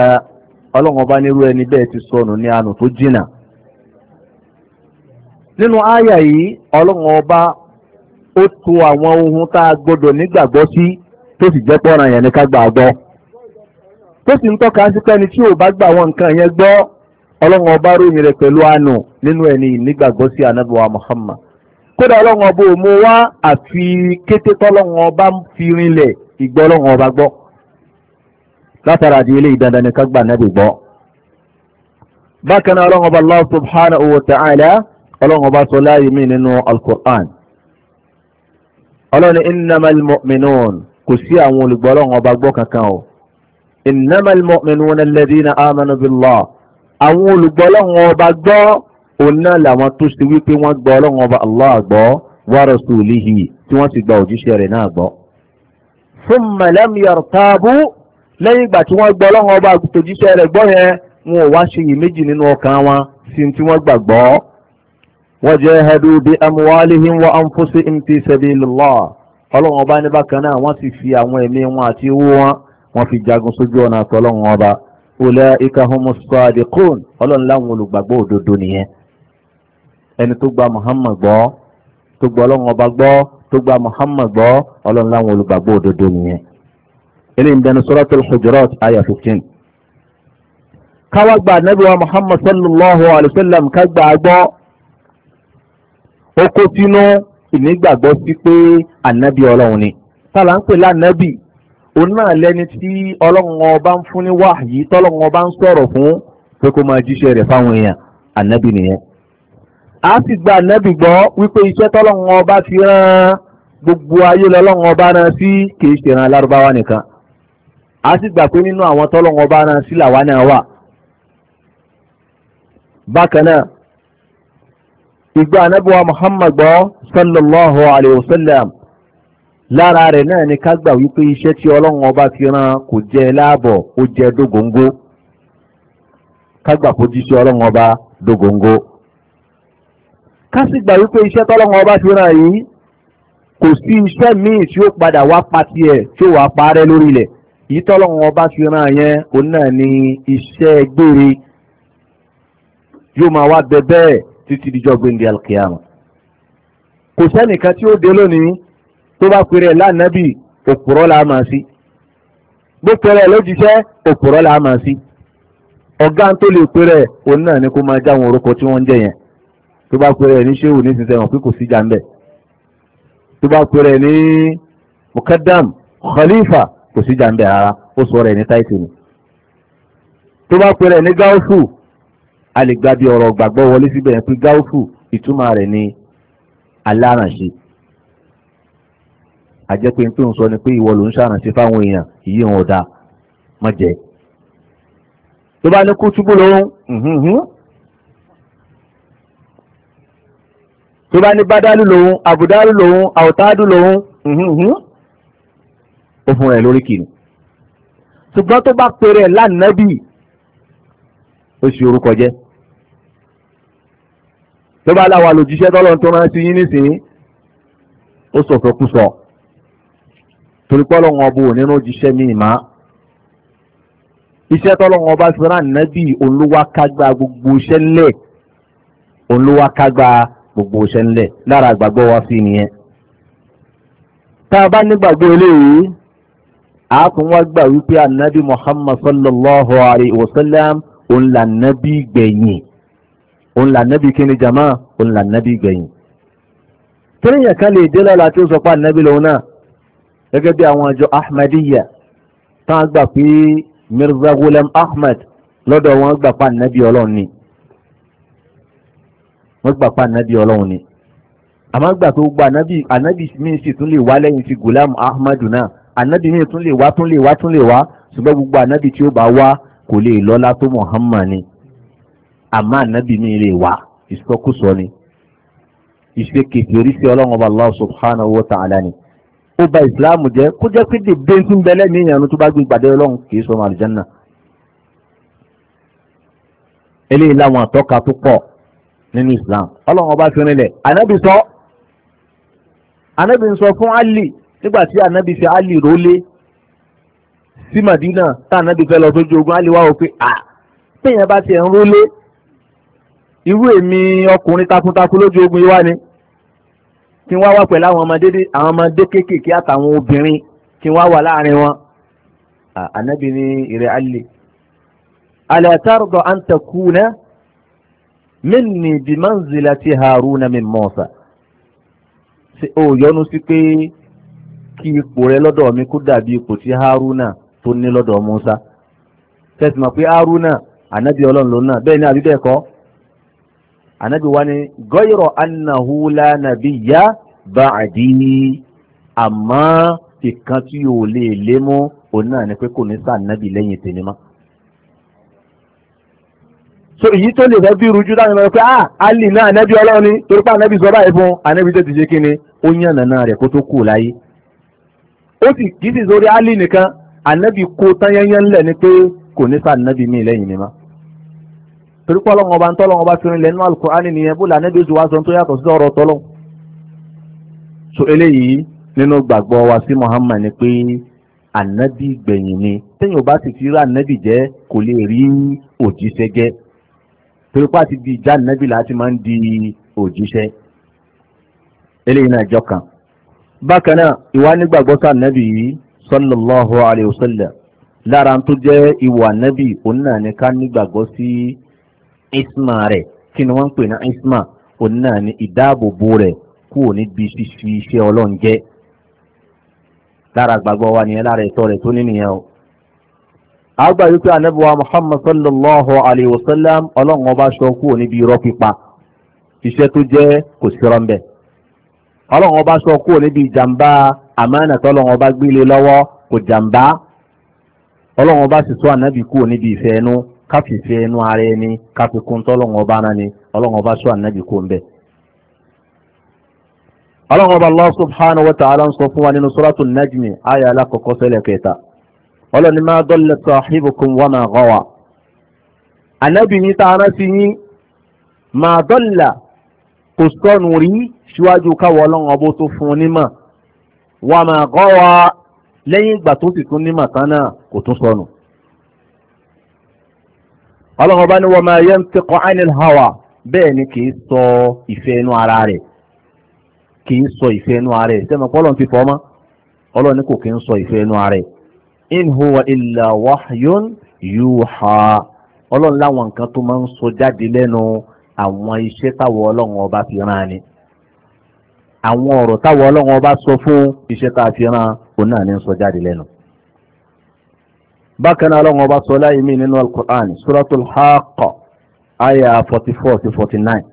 ọlọ́run bá nírú ẹni bẹ́ẹ̀ ti sọnù ní àánú tó jìnà nínú àyà yìí ọlọ́run ọba ó to àwọn ohun tá a gbọdọ̀ nígbàgbọ́ sí tó sì jẹ́ pọ́nra yẹn ní ká gbà gbọ́ tó sì ń tọ́ka sí pẹ́ni tí ò bá gbà wọn nǹkan yẹn gbọ́ ọlọ́run ròyìn rẹ̀ pẹ̀lú àánú nínú ẹni ìnígbàgbọ́ sí anábọ̀wá Muhammad kódà ọlọ́run ò mú wá àfi kété tọ́lọ́run fi rinlẹ̀ ìgbọ́ ọlọ́run látara àti ilé ìdandan ní ká gbà nábì gbọ́ bákan náà ọlọ́run ọba Allah subhanahu wa ta'ala ọlọ́run ọba sọ láàyè mí nínú al-Qur'an ọlọ́run innamal mu'minun kò sí àwọn olùgbọ́ ọlọ́run ọba gbọ́ kankan o innamal mu'minun alladhina amanu billah àwọn olùgbọ́ ọlọ́run ọba gbọ́ òun náà làwọn tó ṣe wípé wọ́n gbọ́ ọlọ́run ọba Allah gbọ́ wa rasulihi tí wọ́n sì gba òjíṣẹ́ rẹ̀ náà gbọ́. thumma lam yartabu lẹ́yìn ìgbà tí wọ́n gbọ́ ọlọ́run ọba àgùntòjíṣẹ́ rẹ̀ gbọ́ yẹn wọn ò wá ṣe iyèméjì nínú ọkàn wọn sí tí wọ́n gbàgbọ́. wa anfusihim fi sabilillah ọlọ́run ọba ní bákan náà wọ́n sì fi àwọn ẹ̀mí wọn àti owó wọn wọ́n fi jagun sójú ọ̀nà àti ọlọ́run ọba ulaika humus sadiqun ọlọ́run láwọn olùgbàgbọ́ òdodo nìyẹn ẹni tó gba Muhammad ọba gbọ́ tó gba eléyìí ń bẹnu suratul hujurat aya fifteen káwá gba anabi wa muhammad sallallahu alayhi wa sallam ká gba gbọ́ ó kó sínú ìnígbàgbọ́ sí pé anabi ọlọ́run ni tààlà ń pè lánàbì òun náà lẹni tí ọlọ́run ọba ń fún ní wáhàyí tọ́lọ́run ọba ń sọ̀rọ̀ fún pé kó máa jíṣẹ́ rẹ̀ fáwọn èèyàn anabi nìyẹn a sì gba anabi gbọ́ wípé iṣẹ́ tọ́lọ́run ọba fi rán gbogbo ayé lọ́lọ́run ọba rán sí kì í ṣe ìran alárúbáwá nìkan a sì gbà pé nínú àwọn tọ́lọ́wọ́n bá rán sí làwa náà wà bákan náà ìgbà anábíwá Muhammad gbọ́ sallallahu alayhi wa sallam lára rẹ̀ náà ni ká gbà wípé iṣẹ́ tí ọlọ́run ọba fi rán kò jẹ láàbọ̀ ó jẹ dógóńgó ká gbà kó jíṣẹ́ ọlọ́run ọba dógóńgó ká sì gbà wípé iṣẹ́ tọ́lọ́run ọba fi rán yìí kò sí iṣẹ́ míì tí ó padà wá pa tiẹ̀ tí ó wà parẹ́ lórí ilẹ̀ ìtọ́lọ́run ọba ti rán yẹn òun náà ni iṣẹ́ gbére yóò máa wá bẹ bẹ́ẹ̀ títí dijọ́ gbẹ̀ndẹ̀ alkiyama kò sẹ́nìkan tí ó dé lónìí tó bá pèrè lánàbì òpùrọ́ la máa sí bó pèrè lójíṣẹ́ òpùrọ́ la máa sí ọ̀gá tó lè pèrè òun náà ni kó máa já àwọn orúkọ tí wọ́n ń jẹ yẹn tó bá pèrè ní ṣéwù ní sísẹ́wọ̀n pé kò sí jà ń bẹ̀ tó bá pèrè ní mukaddam khalifa kò sí jàǹbẹ̀ rárá ó sọ rẹ̀ ní táìtì ni tó bá pẹ̀rẹ̀ ní gáúsù a lè gba bí ọ̀rọ̀ gbàgbọ́ wọlé síbẹ̀ pé gáúsù ìtumọ̀ rẹ̀ ni alárànṣe àjẹpé tó ń sọ ni pé ìwọ ló ń ṣàrànṣe fáwọn èèyàn ìyí wọn ọ̀dà mọ̀jẹ́ tó bá ní kú túbú lóhun tó bá ní bádálù lòun àbùdálù lòun àwòtádù lòun ó fún ẹ lórí kìnnì ṣùgbọ́n tó bá pèrè ẹ̀ lánàbì ó sì orúkọ jẹ́ tó bá láwa lòjíṣẹ́ tọ́lọ́run tó rántí yín nísìnyí ó sọ̀tọ̀ kú sọ torí pé ọlọ́run ọba ò nínú jíṣẹ́ mi ìmá iṣẹ́ tọ́lọ́run ọba fi rán olúwakágbá gbogbo iṣẹ́ ńlẹ̀ olúwakágbá gbogbo iṣẹ́ ńlẹ̀ lára àgbàgbọ́ wa sí nìyẹn tá a bá nígbàgbọ́ eléyìí a tún wá gbà wípé anabi muhammad sallallahu alayhi wa sallam òun là nabi gbẹ̀yìn òun là nabi kíni jama òun là nabi gbẹ̀yìn. tíríyàn kan lè dé lọ́la tí ó sọ pé anabi lòun náà gẹ́gẹ́ bí àwọn àjọ ahmadiyya tán á gbà pé mirza gulam ahmed lọ́dọ̀ wọn gbà pa anabi ọlọ́run ni wọ́n gbà pa anabi ọlọ́run ni àmọ́ gbà tó gba anabi anabi mi sì tún lè wá lẹ́yìn ti gulam ahmed náà ànábì míì tún lè wá tún lè wá tún lè wá ṣùgbọ́n gbogbo ànábì tí ó bá wá kò lè lọ́lá tó Muhammad ni àmọ́ ànábì míì lè wá ìsọkúsọ ni ìṣe kèfèrí sí ọlọ́run ọba Allah subhanahu wa ta'ala ni ó ba ìsìláàmù jẹ́ kó jẹ́ pé dèbè ń tún bẹ lẹ́mìí ìyànnú tó bá gbé gbàdé ọlọ́run kì í sọ ọmọ àlùjánà eléyìí láwọn àtọ́ka tó pọ̀ nínú Islam ọlọ́run ọba fi rinlẹ̀ ànábì sọ ànábì sọ fún Ali nígbà tí ànábì fi Ali rólé sí Madina tá ànábì fẹ́ lọ sójú ogun Ali wá wò pé à ah, téèyàn bá tiẹ̀ ń rólé irú èmi ọkùnrin takuntakun lójú ogun yìí wá ni kí wọ́n wá pẹ̀lú àwọn ọmọdé àwọn ọmọdé kéékèèké àtàwọn obìnrin kí wọ́n wà láàrin wọn ah, ànábì ní ìrẹ̀ Ali ala tarda an takuna minni bi Haruna min Musa ṣe ó yọnu sí pé. kí ipò rẹ lọ́dọ̀ mi kó dàbí ipò tí haruna tó ní lọ́dọ̀ musa mọ̀ pé haruna ọlọ́run náà bẹ́ẹ̀ ni àbí bẹ́ẹ̀ kọ́ ànábì wa ni gọ́yọ̀rọ̀ annahu la àmọ́ ìkan tí lè náà ni pé so èyí tó lè fẹ́ bí rújú lọ ah ali náà ànábì ọlọ́run ni torí pé ànábì sọ báyìí fún ànábì tó ti ṣe kí ni ó yànnà ó sì kì í sì sórí Ali nìkan ànábì kó tán yẹnyẹn ńlẹ̀ ni pé kò ní sáà ànábì míì lẹ́yìn mi mọ́ torí pé ọlọ́run ọba ń tọ́lọ́run ọba fi rinlẹ̀ nínú al nìyẹn bó lànà ìbejì wa sọ tó yàtọ̀ sí ọ̀rọ̀ tọ́lọ́ so eléyìí nínú gbàgbọ́ wa sí Muhammad ni pé ànábì gbẹ̀yìn ni tẹ́yìn ọba sì fi rí ànábì jẹ́ kò lè rí òjíṣẹ́ jẹ́ torí pé àti di ìjà ànábì láti máa ń di òjíṣẹ́ eléyìí náà jọ kan bákan náà ìwà nígbàgbọ́ sí ànábì yìí sallallahu alayhi wa sallam lára tó jẹ́ ìwà ànábì òun náà ni ká nígbàgbọ́ sí isma rẹ̀ kí ni wọ́n ń pè ní isma òun náà ni ìdáàbòbò rẹ̀ kúrò níbi fífi iṣẹ́ ọlọ́run jẹ́ lára gbàgbọ́ wa nìyẹn lára ìtọ́ rẹ̀ tó ní o. àgbà yìí pé anábìwá muhammad sallallahu alayhi ọlọ́run ọba ṣọ kúrò níbi irọ́ pípa iṣẹ́ tó jẹ́ kò sí rọ́ńbẹ́ ọlọ́run ọba sọ kúrò níbi ìjàmbá àmánà tí ọlọ́run ọba gbélé lọ́wọ́ kò jàmbá ọlọ́run ọba sì sọ ànábì kúrò níbi ìfẹ́ ẹnu káfí ìfẹ́ ẹnu ara ẹni káfí kún tọ́lọ́run ọba náà ni ọlọ́run ọba sọ ànábì kúrò ń bẹ̀. ọlọ́run ọba Allah subhanahu wa ta'ala ń sọ fún wa nínú suratul najmi ayé alákọ̀ọ́kọ́ sẹ́lẹ̀ kẹta ọlọ́ni ma dalla síwájú káwọ ọlọ́run ọbó tó fún un nímọ̀ wà máa gọ́ wa lẹ́yìn ìgbà tó sì tún nímọ̀ tán náà kò tún sọnù. ọlọ́run ọba ní wa ma yantiqu anil hawa bẹ́ẹ̀ ni kì í sọ ìfẹ́ inú ara rẹ̀ kì í sọ ìfẹ́ inú ara rẹ̀ sẹ́mi pọ́lọ́n ti fọ́ mọ́ ọlọ́run ní kò kì í sọ ìfẹ́ inú ara rẹ̀ in huwa illa wahyun yuha ọlọ́run láwọn nǹkan tó máa ń sọ jáde lẹ́nu àwọn iṣẹ́ táwọn ọlọ́run ọba fi rán ni àwọn ọ̀rọ̀ táwọn ọlọ́run ọba sọ fún iṣẹ́ tá a fi ran òun náà ní sọ jáde lẹ́nu. bákan náà ọlọ́run ọba sọ láì mí nínú al-Qur'an suratul Haqqa aya forty four to forty nine.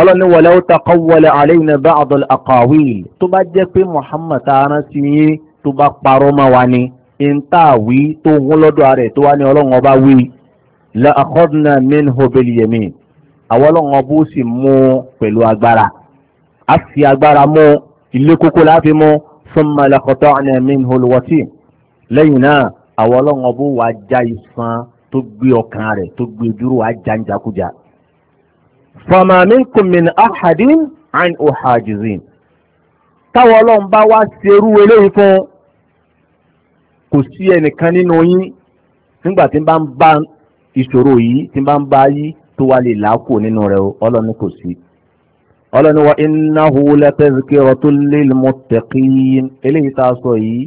ọlọ́ni wa law taqawwala alayna ba'd al-aqawil tó bá jẹ́ pé Muhammad tààrán sí yín tó bá parọ́ mọ́ wa ni ìntàwí tó ń lọ́dọ̀ rẹ̀ tó wá ní ọlọ́run ọba wí la akhadna minhu bil yamin àwọn ọlọ́run ọba sì mú pẹ̀lú agbára a fi agbára mú ilé kókó láfi mú summa laqata'na minhu al-watin lẹ́yìn náà àwọn ọlọ́run ọbọ̀ wa já ìsan tó gbé ọkàn rẹ̀ tó gbé dúró wa já ń jakujà. fama minkum min ahadin an uhajizin táwọn ọlọ́run bá wá eléyìí fún kò sí ẹnìkan nínú yín nígbà tí n bá ń bá ìṣòro yìí tí n bá ń bá yí tó wá lè làákò nínú rẹ̀ ọlọ́run kò sí ọlọ́ni wa innahu latazkiratun lilmuttaqin eléyìí tá a sọ yìí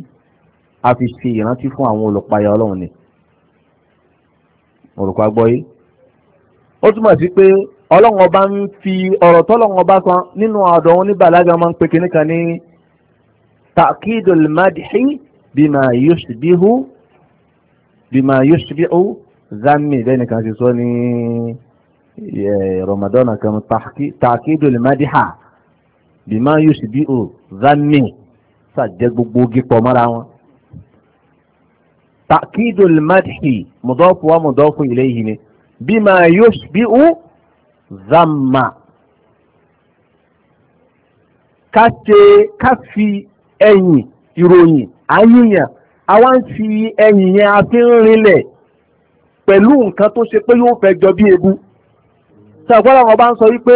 a fi ṣe ìrántí fún àwọn olùpayà ọlọ́run ni olùkọ́ agbọ́ yìí ó túmọ̀ sí pé ọlọ́run ọba ń fi ọ̀rọ̀ tọ́lọ́run ọba kan nínú àdó òun ní bàlágà máa ń pe kinní kan ní ta'kidul madhi bima yushbihu bima yushbihu zammi lẹ́nìkan ti sọ ní. رمضان كان تعقيد المدحة بما يشبه ذني سجد بوجي قمرا تعقيد المدح مضاف ومضاف إليه بما يشبه ذم kase kasi ẹ̀yìn ìròyìn àyíyàn àwa ń fi ẹ̀yìn yẹn a fi ń rinlẹ̀ pẹ̀lú nǹkan tó ṣe pé yóò fẹ́ jọ bí ebu sọ̀gbọ́n àwọn ọba ń sọ wípé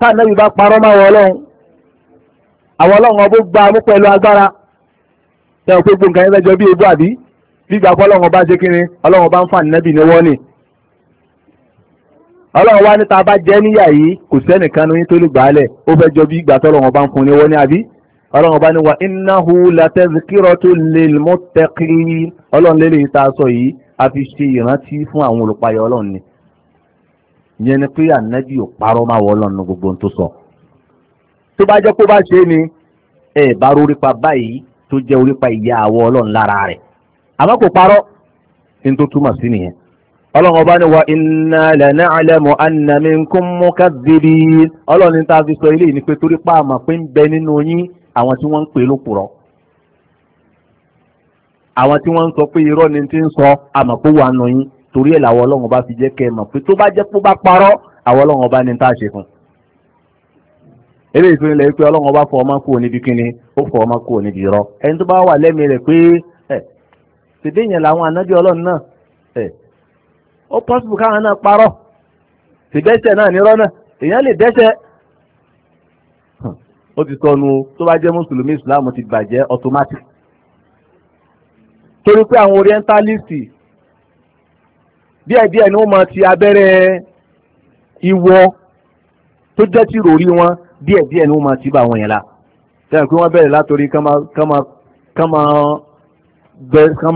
táànẹ́bí bá parọ́ máa wọ ọlọ́run àwọn ọlọ́run ọbó gba mú pẹ̀lú agbára tẹ̀ ọ́ pé gbogbo nǹkan ẹlẹ́jọ́ bí ebú àbí gbígbà pé ọlọ́run ọba lè ní wọ́n sọ yìí a fi ṣe ìrántí fún àwọn olùpayọ̀ ọlọ́run ni yẹn ni pé ànábì ò parọ́ máa wọ́ lọ́nu gbogbo ohun tó sọ tó bá jẹ́ pé bá ṣe é ni ẹ bá rórípa báyìí tó jẹ́ orípa ìyá àwọ̀ ọlọ́run lára rẹ̀ àmọ́ kò parọ́ ní tó túmọ̀ sí nìyẹn ọlọ́run ọba ni wa inna lana alamu anna minkum mukadhibin ọlọ́run ní ta fi sọ ilé yìí ni pé torí pa àmọ̀ pé ń bẹ nínú yín àwọn tí wọ́n ń pè lópùrọ́ àwọn tí wọ́n ń sọ pé irọ́ ni ti ń sọ àmọ̀ torí ẹ̀ làwọn ọlọ́run ọba fi jẹ́ kẹ́ ẹ mọ̀ pé tó bá jẹ́ pé ó bá parọ́ àwọn ọlọ́run ọba ni tá a ṣe fún un eré ìpinnu lẹ́yìn pé ọlọ́run ọba fọ ọmọ kúrò níbi kíni ó fọ ọmọ kúrò níbi irọ́ ẹni tó bá wà lẹ́mìí rẹ̀ pé ẹ tèdè yẹn làwọn ànábì ọlọ́run náà ẹ ó pọ́sibù káwọn náà parọ́ tìdẹ́sẹ̀ náà nírọ́ náà èèyàn lè dẹ́sẹ̀ ó ti sọnù tó bá jẹ́ mùsùlùmí ìsìláàmù ti bàjẹ́ automatic torí pé àwọn orientalist díẹ̀díẹ̀ ni wọ́n máa ti abẹ́rẹ́ ìwọ tó jẹ́ ti rò rí wọn díẹ̀díẹ̀ ni wọ́n máa ti bá wọn yẹn la sẹ́yìn pé wọ́n bẹ̀rẹ̀ látòrí kán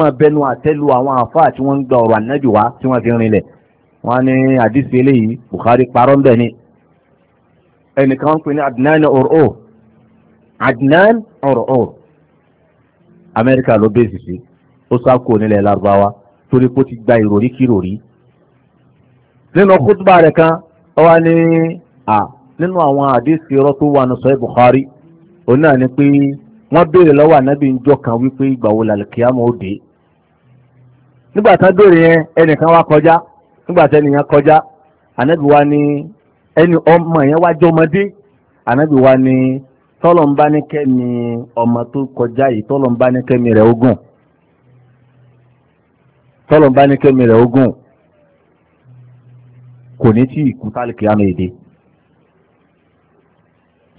máa bẹnu àtẹ́lu àwọn àfáà tí wọ́n ń gba ọ̀rọ̀ ànájù wá tí wọ́n fi rinlẹ̀ wọ́n ní àdìsí eléyìí Bukhari parọ́ ń bẹ̀ ni ẹnìkan ń pè ní Adnan ọ̀rọ̀ Adnan ọ̀rọ̀ Amẹ́ríkà ló bẹ́ẹ̀ sì sí ó sá kúrò nílẹ̀ Lárúbáwá torí pé ó ti gba ìròrí nínú kan ó ni à nínú àwọn àdéhùn irọ́ tó wà ní sọ́yìn Bukhari òun náà ni pé wọn béèrè lọ́wọ́ ànábì ń kan wípé ìgbà wo làlùkìyàmù ó dé yẹn ẹnìkan wá kọjá kọjá ànábì ẹni ọmọ yẹn wá ànábì ọmọ tó kọjá tọ́lọ̀ bá ní kẹ́mi rẹ̀ ogún kò ní tí ìkú tálíkì àmì èdè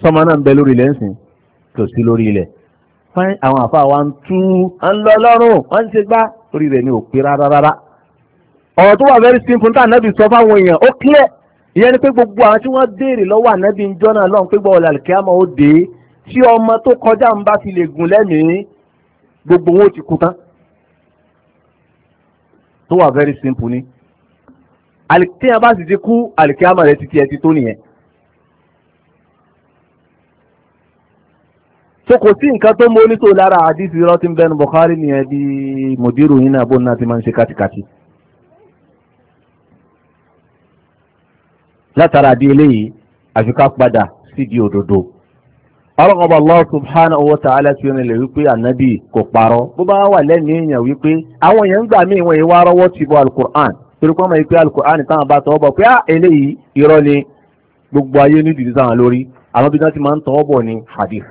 sọmọ náà ń bẹ lórí ilẹ̀ ń sìn kò sí lórí ilẹ̀ fún àwọn àfa wa ń tú ń lọ lọ́rùn wọ́n ń ṣe gbá lórí rẹ̀ ní òpin rárá rárá ọ̀rọ̀ tó wà very simple tá ànábì sọ fáwọn èèyàn ó clear ìyẹn ni pé gbogbo àwọn tí wọ́n béèrè lọ́wọ́ ànábì ń jọ́nà lọ́n pé gbọ́ ọ̀là kíámà ó dé tí ọmọ tó kọjá ń bá fi lè gùn lẹ́mìí gbogbo wọn ó ti kú tán tó wà very simple ni tí a bá sì ti kú àlìkíyàmà rẹ̀ títí ẹ ti tó nìyẹn. so kò sí nǹkan tó mọ onítò lára àdìsí rọtí bẹnu Bukhari nìyẹn bí mòdìrú yín náà bóun náà ti máa ń ṣe kátikàti. látara di eléyìí àfi padà sídìí òdodo. ọlọ́kọ̀ọ́bà Allah subhanahu wa ta'ala ti rìn lè wípé ànábì kò parọ́ bó bá wà lẹ́nu èèyàn wípé àwọn èèyàn gbà mí ìwọ̀n ìwà arọ́wọ́ ti bọ alukur'an torí pé wọ́n mọ̀ pé alukur'an táwọn bá tọwọ́ bọ̀ pé á ah, eléyìí irọ́ ni gbogbo ayé ní dìde sáwọn lórí àwọn bí wọ́n ti máa ń bọ̀ hadith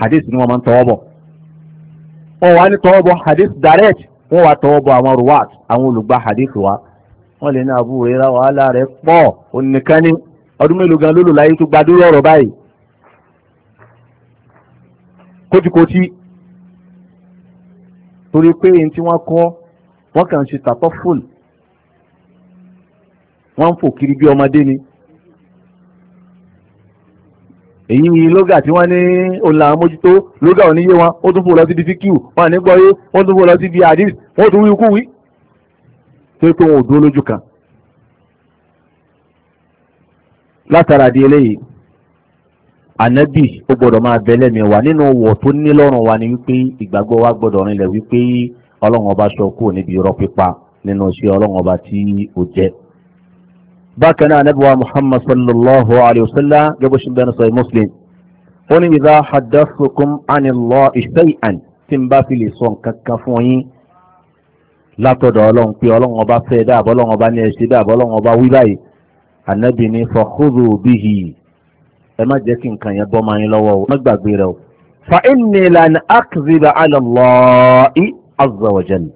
hadith ni wọ́n máa ń bọ̀ ní bọ̀ ọdún mélòó gan ló lò láyé tó gbadúrú ọ̀rọ̀ báyìí kótíkótí torí pé èyí tí wọ́n kọ́ wọ́n kàn ń ṣe tàpọ̀ fúlù wọ́n ń fò kiri bí ọmọdé ni èyí ni lóga tí wọ́n ní òǹlà àmójútó lóga ò ní yé wọn ó tún fò lọ síbi fíkìú wọn ní gbọ́yé wọ́n tún fò lọ síbi àdìs wọ́n tún wí ikú wí tó pé wọn ò dúró lójú kan látara di eléyìí ànábì ó gbọ́dọ̀ máa bẹ lẹ́mìí wa nínú wọ̀ tó ní lọ́rùn wa ni wípé ìgbàgbọ́ wa gbọ́dọ̀ rinlẹ̀ wípé ọlọ́run ọba sọ kúrò níbi irọ́ pípa nínú iṣẹ́ ọlọ́run ọba tí ó jẹ́. bákan náà ànábì wa muhammad sallallahu alayhi wa sallam gẹ́gẹ́ bí bẹ́ẹ̀ sọ muslim ó ní idha haddathukum anillahi shay'an tí n bá fi lè sọ nǹkan kan fún yín látọ̀dọ̀ ọlọ́run pé ọlọ́run ọba fẹ́ dáàbọ̀ ọlọ́run ọba ní ẹ anabi ni fọkúrò bíhì ẹ má jẹ́ kí nǹkan yẹn bọ́ máa yín lọ́wọ́ o má gbàgbé rẹ o. fa inni lan akziba ala Allahi azza wa jalla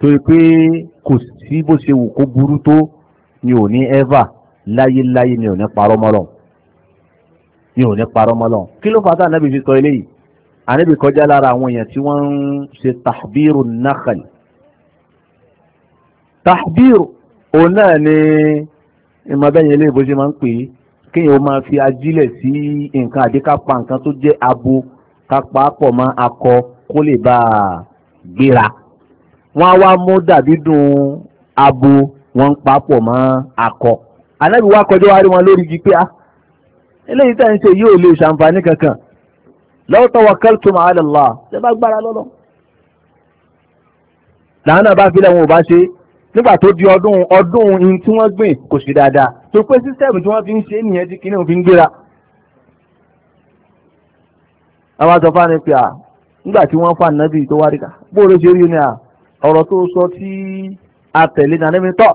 torí pé kò sí bó ṣe wù kó burú tó ni ò ní ẹ́fà láyéláyé ni ò ní parọ́ mọ́lọ̀ ni ò ní parọ́ mọ́lọ̀ kí ló fàtà anábì fi sọ eléyìí anábì kọjá lára àwọn èèyàn tí wọ́n ń ṣe tahbiru nakhl tahbiru òun náà ni ìmọ̀ bẹ́yẹn ilé ìbòsí máa ń pè é kéèyàn ó máa fi ajílẹ̀ sí nǹkan àbí ká pa nǹkan tó jẹ́ abo ká pa á pọ̀ mọ́ akọ kó lè bá a gbéra wọ́n á wá mú dàbí dùn abo wọ́n ń pa á akọ anábì wá kọjá wá rí wọn lórí igi pé á ah, eléyìí tẹ̀ ń ṣe yóò lè ṣàǹfààní kankan law tawakkaltum ala Allah ṣe bá gbára lọ́lọ́ làwọn náà bá fi lẹ́wọ̀n ò bá ṣe é nígbà tó di ọdún ọdún in tí wọ́n gbìn kò sí dáadáa tó pé sísẹ́mù tí wọ́n fi ń ṣe nìyẹn tí kìnìún fi ń gbéra. àwọn àtọ́ fáni pé à nígbà tí wọ́n fa nàbì tó wá ríkà bóòrò ṣe rí ni à ọ̀rọ̀ tó sọ tí a tẹ̀lé nàní mi tọ̀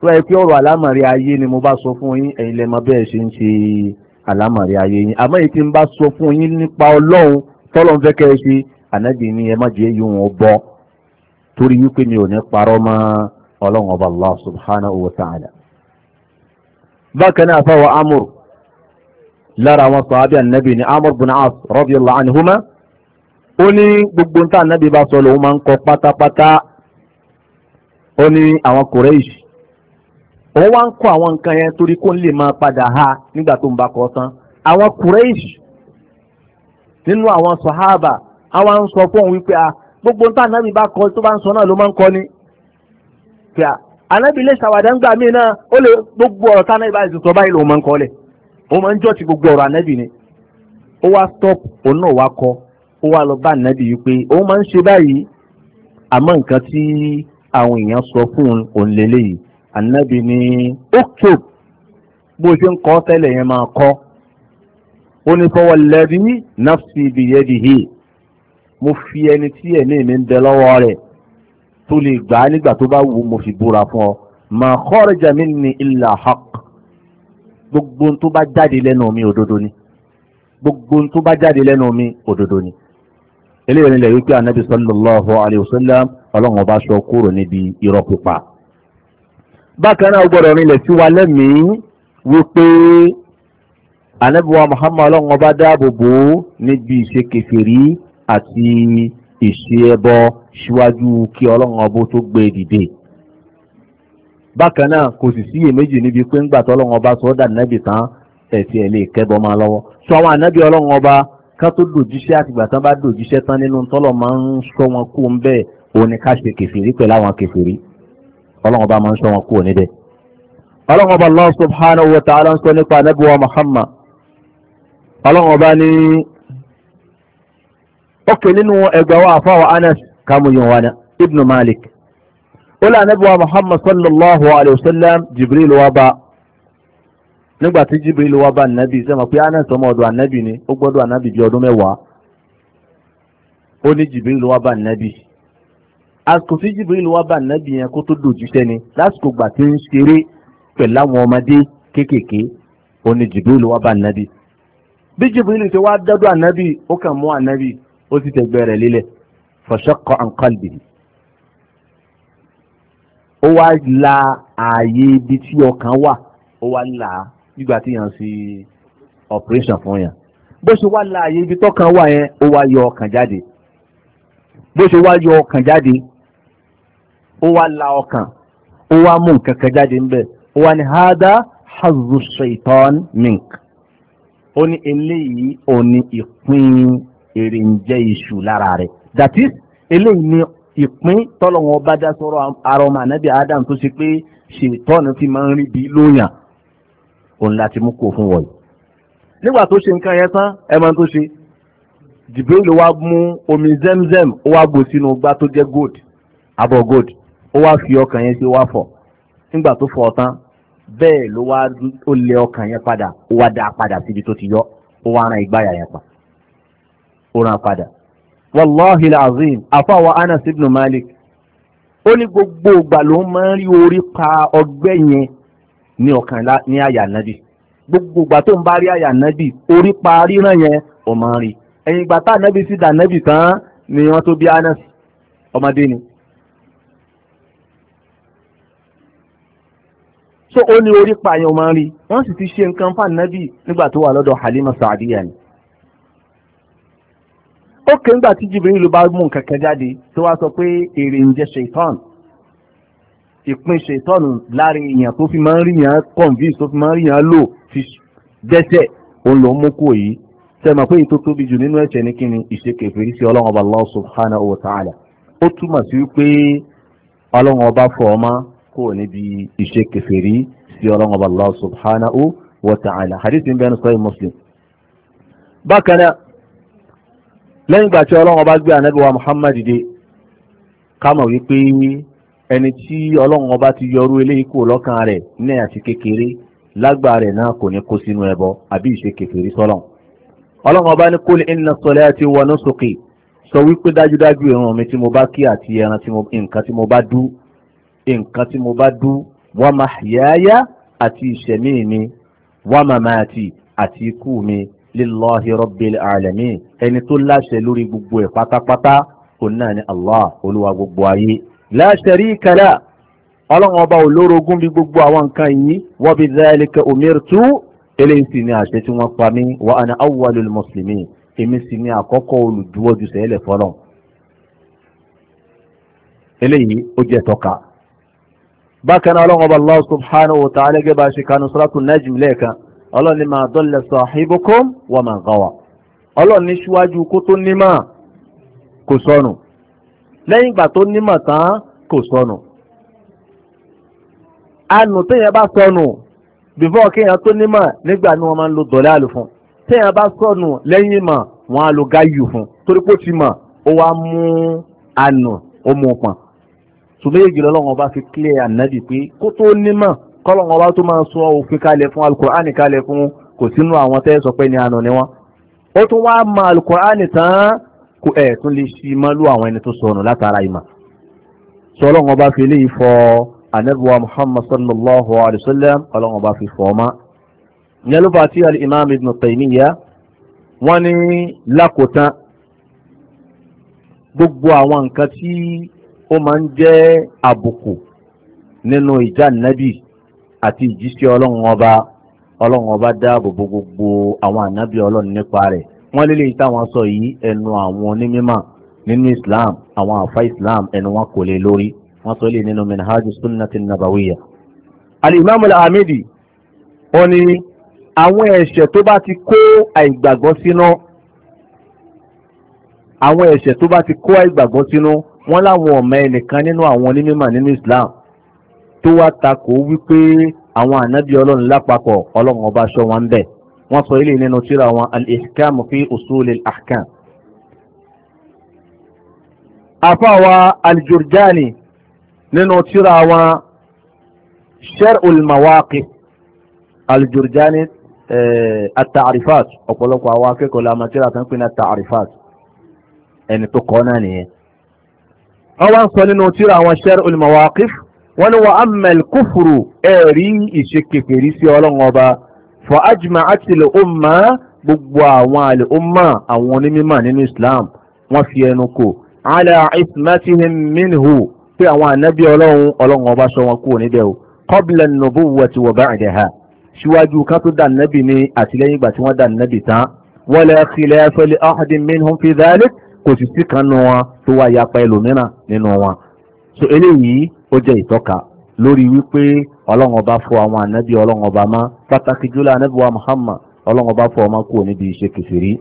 tó ẹ pé ọ̀rọ̀ àlámọ̀rí ayé ni mo bá sọ fún yín ẹ̀yin lẹ́mọ bẹ́ẹ̀ ṣe ń ṣe àlámọ̀rí ayé yín àmọ́ èyí tí ń bá sọ fún yín nípa ọlọ́run tọ́lọ́ torí wípé mi ò ní parọ́ mọ́ ọlọ́run ọba allah subhanahu wa ta'ala. bákan náà fáwọn amur lára àwọn amur bin as radiyallahu anhuma ó ní gbogbo nta ànábì bá sọ lòun máa ń kọ pátápátá ó ní àwọn kòrèjì òun wá ń kọ àwọn nǹkan yẹn torí kó ń lè máa padà ha nígbà tó ń bá kọ a. gbogbo nta anabi bá kọ tó bá ń sọ náà ló máa ń kọ ni pé anabi lè ṣàwàdà ń gbà mí náà ó gbogbo ọ̀rọ̀ tá anabi bá ti sọ báyìí lòun máa ń kọ lẹ̀ ó máa ń jọ́ ti gbogbo ọ̀rọ̀ anabi ni ó wá stop òun náà wá kọ ó wá lọ bá anabi yìí pé òun máa ń ṣe báyìí àmọ́ nǹkan tí àwọn èèyàn sọ fún òun lélẹ́yìí anabi ni ó bó ṣe ń kọ́ tẹ́lẹ̀ yẹn máa kọ́ mo fi ẹni tí ẹ̀mí mi ń bẹ lọ́wọ́ rẹ̀ tó lè gbà á nígbà tó bá wù mo fi búra fún ọ ma kharaja minni illa haqq gbogbo tó bá jáde lẹ́nu mi òdodo ni gbogbo tó bá jáde lẹ́nu mi òdodo ni eléyìí nílẹ̀ wípé anabi sallallahu alayhi wa sallam ọlọ́run ọba sọ kúrò níbi irọ́ pípa bákan náà gbọ́dọ̀ nílẹ̀ sí wa lẹ́mìí wípé anabi wa muhammad ọlọ́run ọba dáàbò bò níbi ìṣe kèfèrí àti ìṣe ẹbọ síwájú kí ọlọ́run ọbọ tó gbé e dìde bákan náà kò sì síyè méjì níbi pé ńgbà tọ́lọ́run ọba sọ dà nẹ́bì tán ẹ̀sìn ẹ̀ lè kẹ́bọ máa lọ́wọ́ sọ àwọn ànábì ọlọ́run ọba ká tó dòjíṣẹ́ àtìgbà tán bá dòjíṣẹ́ tán nínú tọ́lọ̀ máa ń sọ wọn kú ń bẹ́ẹ̀ òun ni ká ṣe kẹfìrí pẹ̀lú àwọn kẹfìrí ọlọ́run ọba máa ń sọ wọn kú níbẹ̀. ọlọ́run ọba Allah subhanahu wa ta'ala ń sọ nípa ànábì wa Muhammad ọlọ́run ọba ní ọkẹ̀ nínú ẹgbàwà àfáwà anas kamuyinwana ibn malik ó lá anábíwá muhammad sallallahu alayhi wa sallam jibril wa bá nígbà tí jibril wa bá nàbí sẹ́mọ̀ pé anas ọmọ ọ̀dọ̀ ànábì ni ó gbọ́dọ̀ ànábì bí ọdún mẹ́wàá ó ní jibril wa bá nàbí àsìkò tí jibril wa bá nàbí yẹn kó tó dòjúṣẹ́ ni lásìkò gbà tí ń ṣeré pẹ̀lú àwọn ọmọdé kéékèèké ó ní jibril wa bá nàbí bí jibril ti wá dọ́dọ̀ ànábì ó kàn mú ànábì ó sì tẹ̀gbẹ́ rẹ̀ lélẹ̀ fashaqqa an qalbihi ó wá la ààyè ibi tí ọkàn wà ó wá là á nígbà tí yàn sí operation fún yàn bó ṣe wá la ààyè ibi tọ́kàn wà yẹn ó wá yọ ọkàn jáde bó ṣe wá yọ ọkàn jáde ó wá la ọkàn ó wá mú nǹkan kan jáde ńbẹ̀ ó wá ní hada hazu shaitan mink ó ní eléyìí ó ní ìpín èrè nje jẹ́ iṣu lára rẹ̀ that is eléyìí ni ìpín tọ́lọ́wọ́n bá dá Adam tó ṣe pé ṣètọ́nù ti máa ń rí bí lóyàn òun láti mú kó fún wọ̀nyí. nígbà tó ṣe nǹkan yẹn tán ẹ máa tó ṣe wa mú omi zemzem ó wá gbò sínú gbá tó gold abọ gold ó wá fi ọkàn yẹn ṣe wá fọ̀ nígbà tó fọ̀ tán bẹ́ẹ̀ ló wá ó lé ọkàn yẹn padà ó wá yọ ó ran ìgbáyà yẹn pa. òràn padà wàláhi alazim àfàwọ̀ anas ibn malik O ni gbogbo gba lo máa ń rí orí pa ni yẹn ní ọkàn ní àyà gbogbo gba to n bá rí àyà nábì orí pa ríran yẹn ó máa ń rí ẹ̀yìn dà nábì ni won to bi anas ọmọdé ni. so o ni ori pa yẹn ó máa wọ́n ti se nkan fún ànábì nígbà tó wà halima saadiya ni. ó kéré nígbà tí Jibril ló bá mú nǹkan kan jáde tó wá sọ pé èrè ń jẹ ṣètọ́n ìpín ṣètọ́n láàrin èèyàn tó fi máa ń rí yàn convince tó fi máa ń rí yàn lò fi dẹ́sẹ̀ òun ló mú kú yìí sẹ́mi pé ètò tóbi jù nínú ẹ̀ṣẹ̀ ní kíni ìṣekèfèrí sí ọlọ́run ọba Allah subhanahu wa ta'ala ó túmọ̀ sí wípé ọlọ́run ọba fọ ọmọ kò níbi ìṣekèfèrí sí ọlọ́run ọba Allah subhanahu wa ta'ala hadith ń bẹ́ẹ̀ ní sọ́yìn Muslim bákan náà lẹ́yìn ìgbà tí ọlọ́run ọba gbé ànábì wa Muhammad dé kámọ̀ wípé ẹni tí ọlọ́run ọba ti yọrú eléyìí kò lọ́kàn rẹ̀ ní àti kékeré lágbà rẹ̀ náà kò ní kó sínú ẹbọ àbí ìṣe kékeré sọ́lọ̀ ọlọ́run ọba ní qul inna salati wa nusuki sọ wípé dájúdájú ìrun mi tí mo bá kí àti ẹran nǹkan tí mo bá dú nǹkan tí mo bá dú wa mahyaya àti ìṣẹ̀mí mi wa mamati àti ikú mi lillahi rabbil alamin ẹni tó láṣẹ lórí gbogbo ẹ̀ pátápátá òun náà ni allah olúwa gbogbo ayé la sharika la ọlọ́run ọba olórogún bí gbogbo àwọn nǹkan yìí wa bi dhalika umirtu eléyìí sì ni àṣẹ tí wọ́n pa mí wa ana awwalul muslimin èmi sì ni àkọ́kọ́ olùdúwọ́jú sẹ́lẹ̀ fọlọ́ eléyìí ó jẹ́ tọ́ka bákan náà ọlọ́run ọba allah subhanahu wa ta'ala gẹ́gẹ́ bá ṣe kanu suratu ọlọ́run ní máa dọ́lẹ̀ sahibukum wa máa gawa ọlọ́run ní síwájú kó tó nímọ̀ kò sọnù lẹ́yìn ìgbà tó nímọ̀ tán kò sọnù anù téèyàn bá sọnù bífọ́ kéèyàn tó nímọ̀ nígbà ni wọ́n máa ń lo dọ̀lẹ́ àlù fún téèyàn bá sọnù lẹ́yìn ìmọ̀ wọ́n á lo gáyù fún torí pé ó ti mọ̀ ó wá mú anù ó mú pọ̀n ṣùgbọ́n èyí jùlọ lọ́wọ́ bá fi clear ànábì pé kó tó nímọ̀ kọ́lọ̀n ọba tó máa sọ òfin kalẹ̀ fún alukur'ani kalẹ̀ fún kò sínú àwọn tẹ́ sọ pé ní àná ni wọ́n ó tún wá ma alukur'ani tán kò ẹ̀ tún lè ṣi mọ́ lú àwọn ẹni tó sọnù látara ìmọ̀ sọlọ́n ọba fi lè fọ anabiwa muhammad sallallahu alayhi wa sallam kọ́lọ́n ọba fi fọ́ ma ìyẹn ló bá ti al-imam ibn taymiya wọ́n ní lákòótán gbogbo àwọn nǹkan tí ó máa ń jẹ́ àbùkù nínú ìjà nábì àti ìjíṣẹ́ ọlọ́run ọba ọlọ́run ọba dáàbò bo gbogbo àwọn ànábì ọlọ́run nípa rẹ̀ wọ́n lélẹ̀ yìí táwọn sọ yìí ẹnu àwọn onímọ̀ nínú islam àwọn àfa islam ẹnu wọn kò lè lórí wọ́n sọ lè nínú minhaj sunnati nabawiya. alimami alhamidi ó ní àwọn ẹ̀ṣẹ̀ tó bá ti kó àìgbàgbọ́ sínú àwọn ẹ̀ṣẹ̀ tó bá ti kó àìgbàgbọ́ sínú wọ́n láwọn ọ̀mọ ẹnìkan nínú àwọn onímọ̀ nínú islam tó wá takò wípé àwọn ànábì ọlọ́run lápapọ̀ ọlọ́run ọba aṣọ wọn bẹ̀ wọ́n sọ ilé nínú tírà wọn al-ihkam fi usul al-ahkam. afáwa al-jurjani nínú tírà wọn shar'ul mawaqif al-jurjani eh, at-ta'rifat ọ̀pọ̀lọpọ̀ àwọn akẹ́kọ̀ọ́ la máa kan pín ní ẹni tó kọ́ náà nìyẹn. wọ́n wá ń sọ nínú tírà wọn shar'ul mawaqif wọ́n ní wọ́n amẹ́l kúfùrù ẹ̀rí ìṣekèfèrí sí ọlọ́run ọba fọ ajima àtìlẹ̀ ọmọ gbogbo àwọn àlè ọmọ àwọn onímọ̀ nínú Islam wọ́n fi ẹnu kò ala ismatihim minhu pé àwọn ànábì ọlọ́run ọlọ́run ọba sọ wọn kúrò níbẹ̀ o qabla nubuwwati wa ba'daha síwájú ká tó dà nábì ni àtìlẹ́yìn ìgbà tí wọ́n dà nábì tán wala khilafa li ahadin minhum fi dhalik kò sì sí kan nù wọn tó wá yapa ẹlòmíràn nínú wọn. so eléyìí ó jẹ́ ìtọ́ka lórí wípé pe ọba àwọn anabi ọlọ́run ma má pàtàkì jùlọ wa Muhammad ọlọ́run ọba ọmọ kúrò níbi ìṣe kèfèrí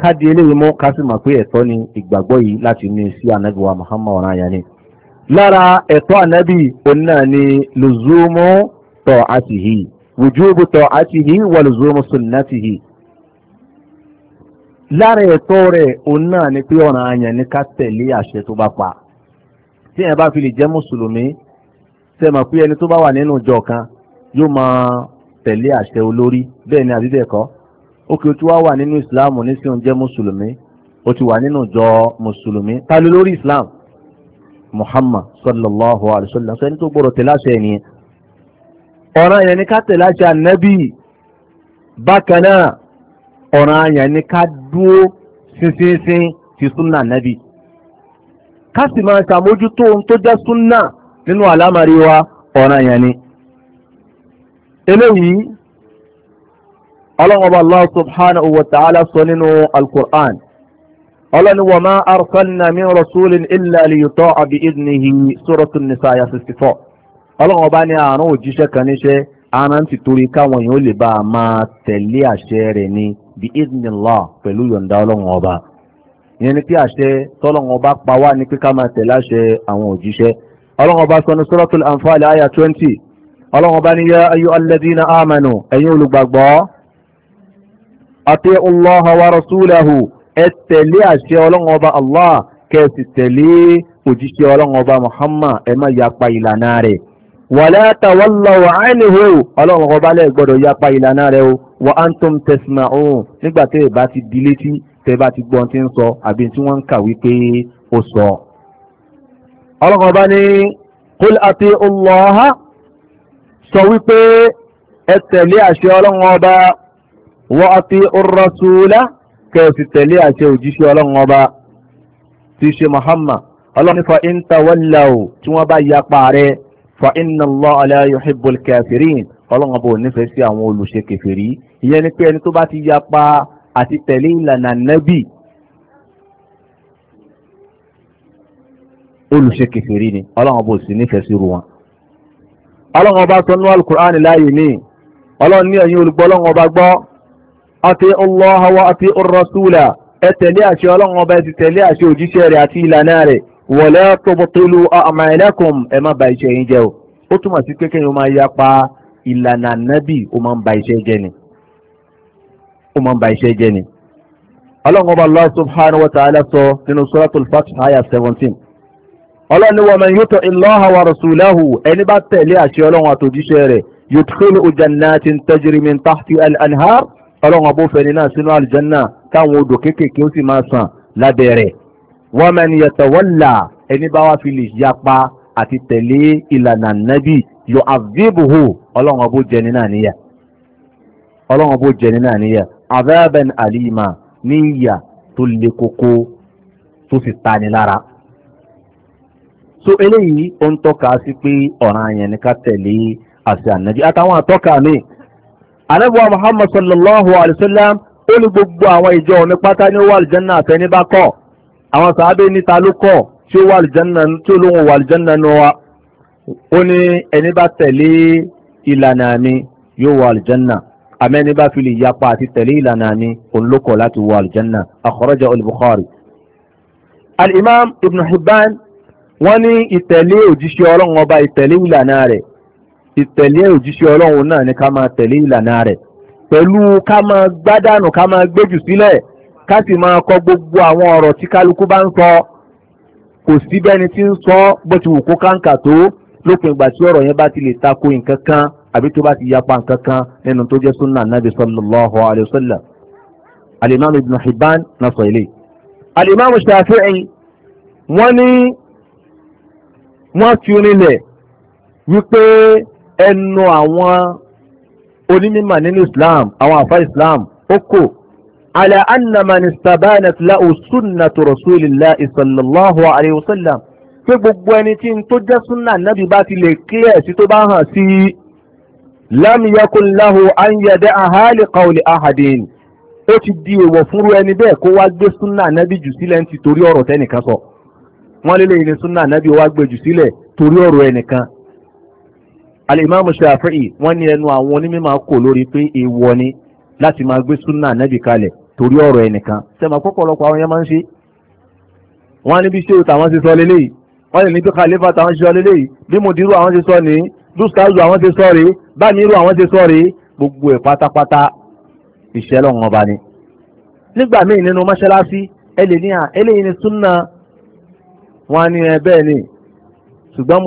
káàdì eléyìí mú kásìmọ̀ pé ẹ̀tọ́ ni ìgbàgbọ́ yìí láti ní sí anabi wa Muhammad ọ̀ràn ni. lára ẹ̀tọ́ ànábì òun náà ni lùzúmù tọ̀ àtìhì wùjúbù tọ̀ àtìhì wà lùzúmù sunnatihi. lára ni pé ọ̀ràn ni ká tẹ̀lé àṣẹ tó bá pa. tí èèyàn bá fi lè jẹ́ mùsùlùmí ṣe mọ̀ pé ẹni tó bá wà nínú ìjọ kan yóò máa tẹ̀lé àṣẹ olórí bẹ́ẹ̀ ni àbí bẹ́ẹ̀ kọ́ ó kì í tún wá wà nínú ìsìláàmù nísìnyí ó ń jẹ́ mùsùlùmí ó ti wà nínú ìjọ mùsùlùmí ta ló lórí ìsìláàmù Muhammad sallallahu alayhi wa sallam sẹ́ni tó gbọ́dọ̀ tẹ̀lé àṣẹ ẹ̀ ọ̀ràn yẹn ni ká tẹ̀lé àṣẹ ànábì bákan náà ọ̀ràn yẹn ni ká dúró ṣinṣinṣin ti súnà ànábì ká sì máa ṣàmójútó ohun tó jẹ́ súnà nínú àlámàrí wa ọ̀ràn yẹn ni eléyìí ọlọ́run ọba allah subhanahu wa ta'ala sọ nínú alqur'an ọlọ́ni wa ma arsalna min rasulin illa li yuta'a bi idnihi suratun nisa ya 64 ọlọ́run ọba ní àrùn òjíṣẹ́ kan níṣẹ́ ara ti torí káwọn èèyàn lè bá a máa tẹ̀lé àṣẹ rẹ̀ ní bi idnillah pẹ̀lú yọ̀ǹda ọlọ́run ọba ìyẹn ni pé àṣẹ tọ́lọ́wọ́n bá pa wá ní pé ká máa tẹ̀lé àṣẹ àwọn òjíṣẹ́ ọlọ́wọ́n bá sọnù suratul anfal àyà twenty ọlọ́wọ́n bá ní yá ayú alladhina amanu ẹ̀yin olùgbàgbọ́ ati'u Allaha wa rasulahu ẹ tẹ̀lé àṣẹ ọlọ́wọ́n bá allah kẹ́ẹ̀sì tẹ̀lé òjíṣẹ́ ọlọ́wọ́n bá muhammad ẹ má yapa ìlànà rẹ̀ wàlá tawallaw anhu ọlọ́wọ́n bá lẹ́ẹ̀ gbọ́dọ̀ yapa ìlànà rẹ̀ o wa antum tasma'un nígbà tẹ́ tẹ́ bá ti gbọ́n tí ń sọ àbí tí wọ́n ń kà wípé ó sọ. ọlọ́kan bá ní qul ati Allah sọ wípé ẹ tẹ̀lé àṣẹ ọlọ́run ọba wa ati ar-rasula kẹ́ ẹ sì tẹ̀lé àṣẹ òjíṣẹ́ ọlọ́run ọba tí ṣe Muhammad ọlọ́run fa in tawallaw tí wọ́n bá yapa rẹ̀ fa inna Allaha la yuhibbul kafirin ọlọ́run ọba ò nífẹ̀ẹ́ sí àwọn olùṣe kèfèrí ìyẹn ni pé ẹni tó bá ti yapa àti tẹ̀lé ìlànà nẹ́bì olùṣe kèfèrí ni ọlọ́run bò sí nífẹ̀ẹ́ sí ru wọn ọlọ́run ọba tó nú alukur'an láàyè ní ọlọ́run ní ẹ̀yin olùgbọ́ ọlọ́run ọba gbọ́ àti Allaha wa àti ar ẹ tẹ̀lé àṣẹ ọlọ́run ọba ti tẹ̀lé àṣẹ òjíṣẹ́ rẹ̀ àti ìlànà rẹ̀ wala tubtilu a'malakum ẹ má ba iṣẹ́ yín jẹ́ o ó túmọ̀ sí kékeré o máa yapa ìlànà nábì o máa ba iṣẹ́ jẹ́ ni ó máa ń ba iṣẹ́ jẹ́ ni ọlọ́run ọba allah subhanahu wa ta'ala sọ nínú suratul fath aya seventeen ọlọ́run ní wa man yuti illaha wa rasulahu ẹni bá tẹ̀lé àṣẹ ọlọ́run àtòjíṣẹ́ rẹ̀ yudkhilu jannatin tajri min tahti al-anhar ọlọ́run ọba òfin náà sínú aljanna táwọn odò kéékèèké ó sì máa sàn lábẹ́rẹ̀ wa man yatawalla ẹni bá wá fi lè yapa àti tẹ̀lé ìlànà nábì yu'adhibuhu ọlọ́run ọba ó náà níyà ọlọ́run ọba ó náà níyà azaban alima ní ìyà tó le koko tó sì tani lára so eléyìí ó ń tọ́ka sí pé ọ̀ràn àyàn ní ká tẹ̀lé àṣẹ ànájú àtàwọn àtọ́ka mi anábọ̀ muhammad sallallahu alayhi wa sallam ó ní gbogbo àwọn ìjọ mi pátá ní ó wà lùjánná àtẹni bá kọ̀ àwọn sàábé níta ló kọ̀ tí ó wà lùjánná tí ó lóhùn wà lùjánná nu wa ó ní ẹni bá tẹ̀lé ìlànà mi yóò wà lùjánná amẹ́ni bá fi lè yapa àti tẹ̀lé ìlànà ni olókọ̀ láti wọ àlùjánà àkọ́rọ́jà olùbùkọ́rì. al-imam ibn hibban wọ́n ní ìtẹ̀lé òjíṣẹ́ ọlọ́run ọba ìtẹ̀lé ìlànà rẹ̀ ìtẹ̀lé òjíṣẹ́ ọlọ́run náà ni ká máa tẹ̀lé ìlànà rẹ̀ pẹ̀lú ká máa gbádànù ká máa gbéjù sílẹ̀ ká sì máa kọ gbogbo àwọn ọ̀rọ̀ tí kálukú bá ń sọ kò sí tí ń sọ bó ti wù kó káǹkà tó lópin ìgbà tí ọ̀rọ̀ yẹn bá ti lè tako nǹkan kan àbí tó bá ti yapa nǹkan kan nínú tó jẹ́ sunna nabi sallallahu alayhi wa sallam alimami ibn hibban na sọ ilé alimami shafi'i wọ́n ní wọ́n fi onílẹ̀ wípé ẹnu àwọn onímọ̀ nínú islam àwọn àfa islam ó kò ala anna man istabanat lahu sunnatu rasulillah sallallahu alayhi wa sallam pé gbogbo ẹni tí n tó jẹ́ sunna nabi bá ti lè kílẹ̀ sí tó bá hàn sí i lam yakun lahu an yada'aha li qawli ahadin o ti di èèwọ̀ fúnru ẹni bẹ́ẹ̀ kó wá gbé súnà nábì jù sílẹ̀ ń ti torí ọ̀rọ̀ tẹ́nìkan sọ wọ́n lélẹ̀ ilé súnà nábì wá gbé jù sílẹ̀ torí ọ̀rọ̀ ẹnìkan alimami shafi'i wọ́n ní ẹnu àwọn onímọ̀ kò lórí pé èèwọ̀ ni láti máa gbé súnà nábì kalẹ̀ torí ọ̀rọ̀ ẹnìkan sẹ́mi àkọ́kọ̀lọpọ̀ àwọn yẹn máa ń ṣe wọ́n ni bí ṣé o tàwọn ṣe sọ lélẹ́yìí wọ́n lè ní bí khalifa tàwọn ṣe sọ lélẹ́yìí bí mudiru àwọn ṣe sọ nìyí lùsàájú àwọn ti sọ rèé báyìí irú àwọn ti sọ gbogbo ẹ̀ pátápátá ìṣẹ́ lọ́wọ́n ọba ni. nígbà míì nínú mọ́ṣáláṣí ẹ ní à ni súnà wọn ni ẹ ni ṣùgbọ́n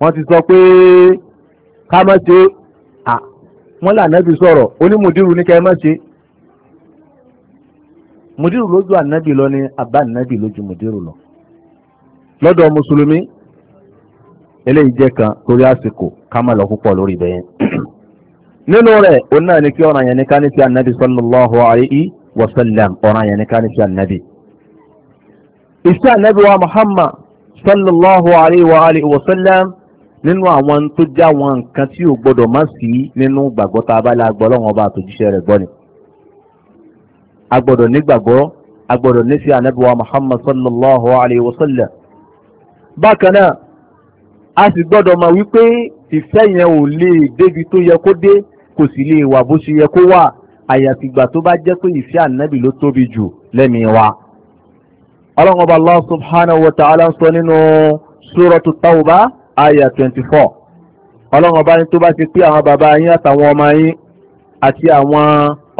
wọ́n ti sọ pé ká má ṣe à wọ́n là nẹ́bí sọ̀rọ̀ onímùdírù ní ká ẹ má ṣe lójú ànábì lọ ni àbá ànábì lójú mùdírù lọ lọ́dọ̀ mùsùlùmí eléyìí jẹ́ kan torí àsìkò ká má lọ púpọ̀ lórí bẹ́ẹ̀. nínú rẹ̀ òun náà ni kí ọ̀ràn yẹn ní ká ní ti ànábì sallallahu alayhi wa sallam ọ̀ràn yẹn ní ká ní ti ànábì. iṣẹ́ ànábì wa muhammad sallallahu alayhi wa alihi wa sallam nínú àwọn tó já wọn nǹkan tí ò gbọdọ̀ má sí nínú gbàgbọ́ tá a bá lágbọ́ gbọ́ bákan náà a sì gbọ́dọ̀ mọ̀ wípé ìfẹ́ yẹn ò lè débi tó yẹ kó dé kò sì lè wà bó ṣe yẹ kó wà àyàfi ìgbà tó bá jẹ́ pé ìfẹ́ ànábì ló tóbi jù lẹ́mìí wa. ọlọ́run ọba allah subhanahu wa ta'ala sọ nínú suratu tawba aya twenty four ọlọ́run ọba ní tó bá ti pé àwọn bàbá yín àtàwọn ọmọ yín àti àwọn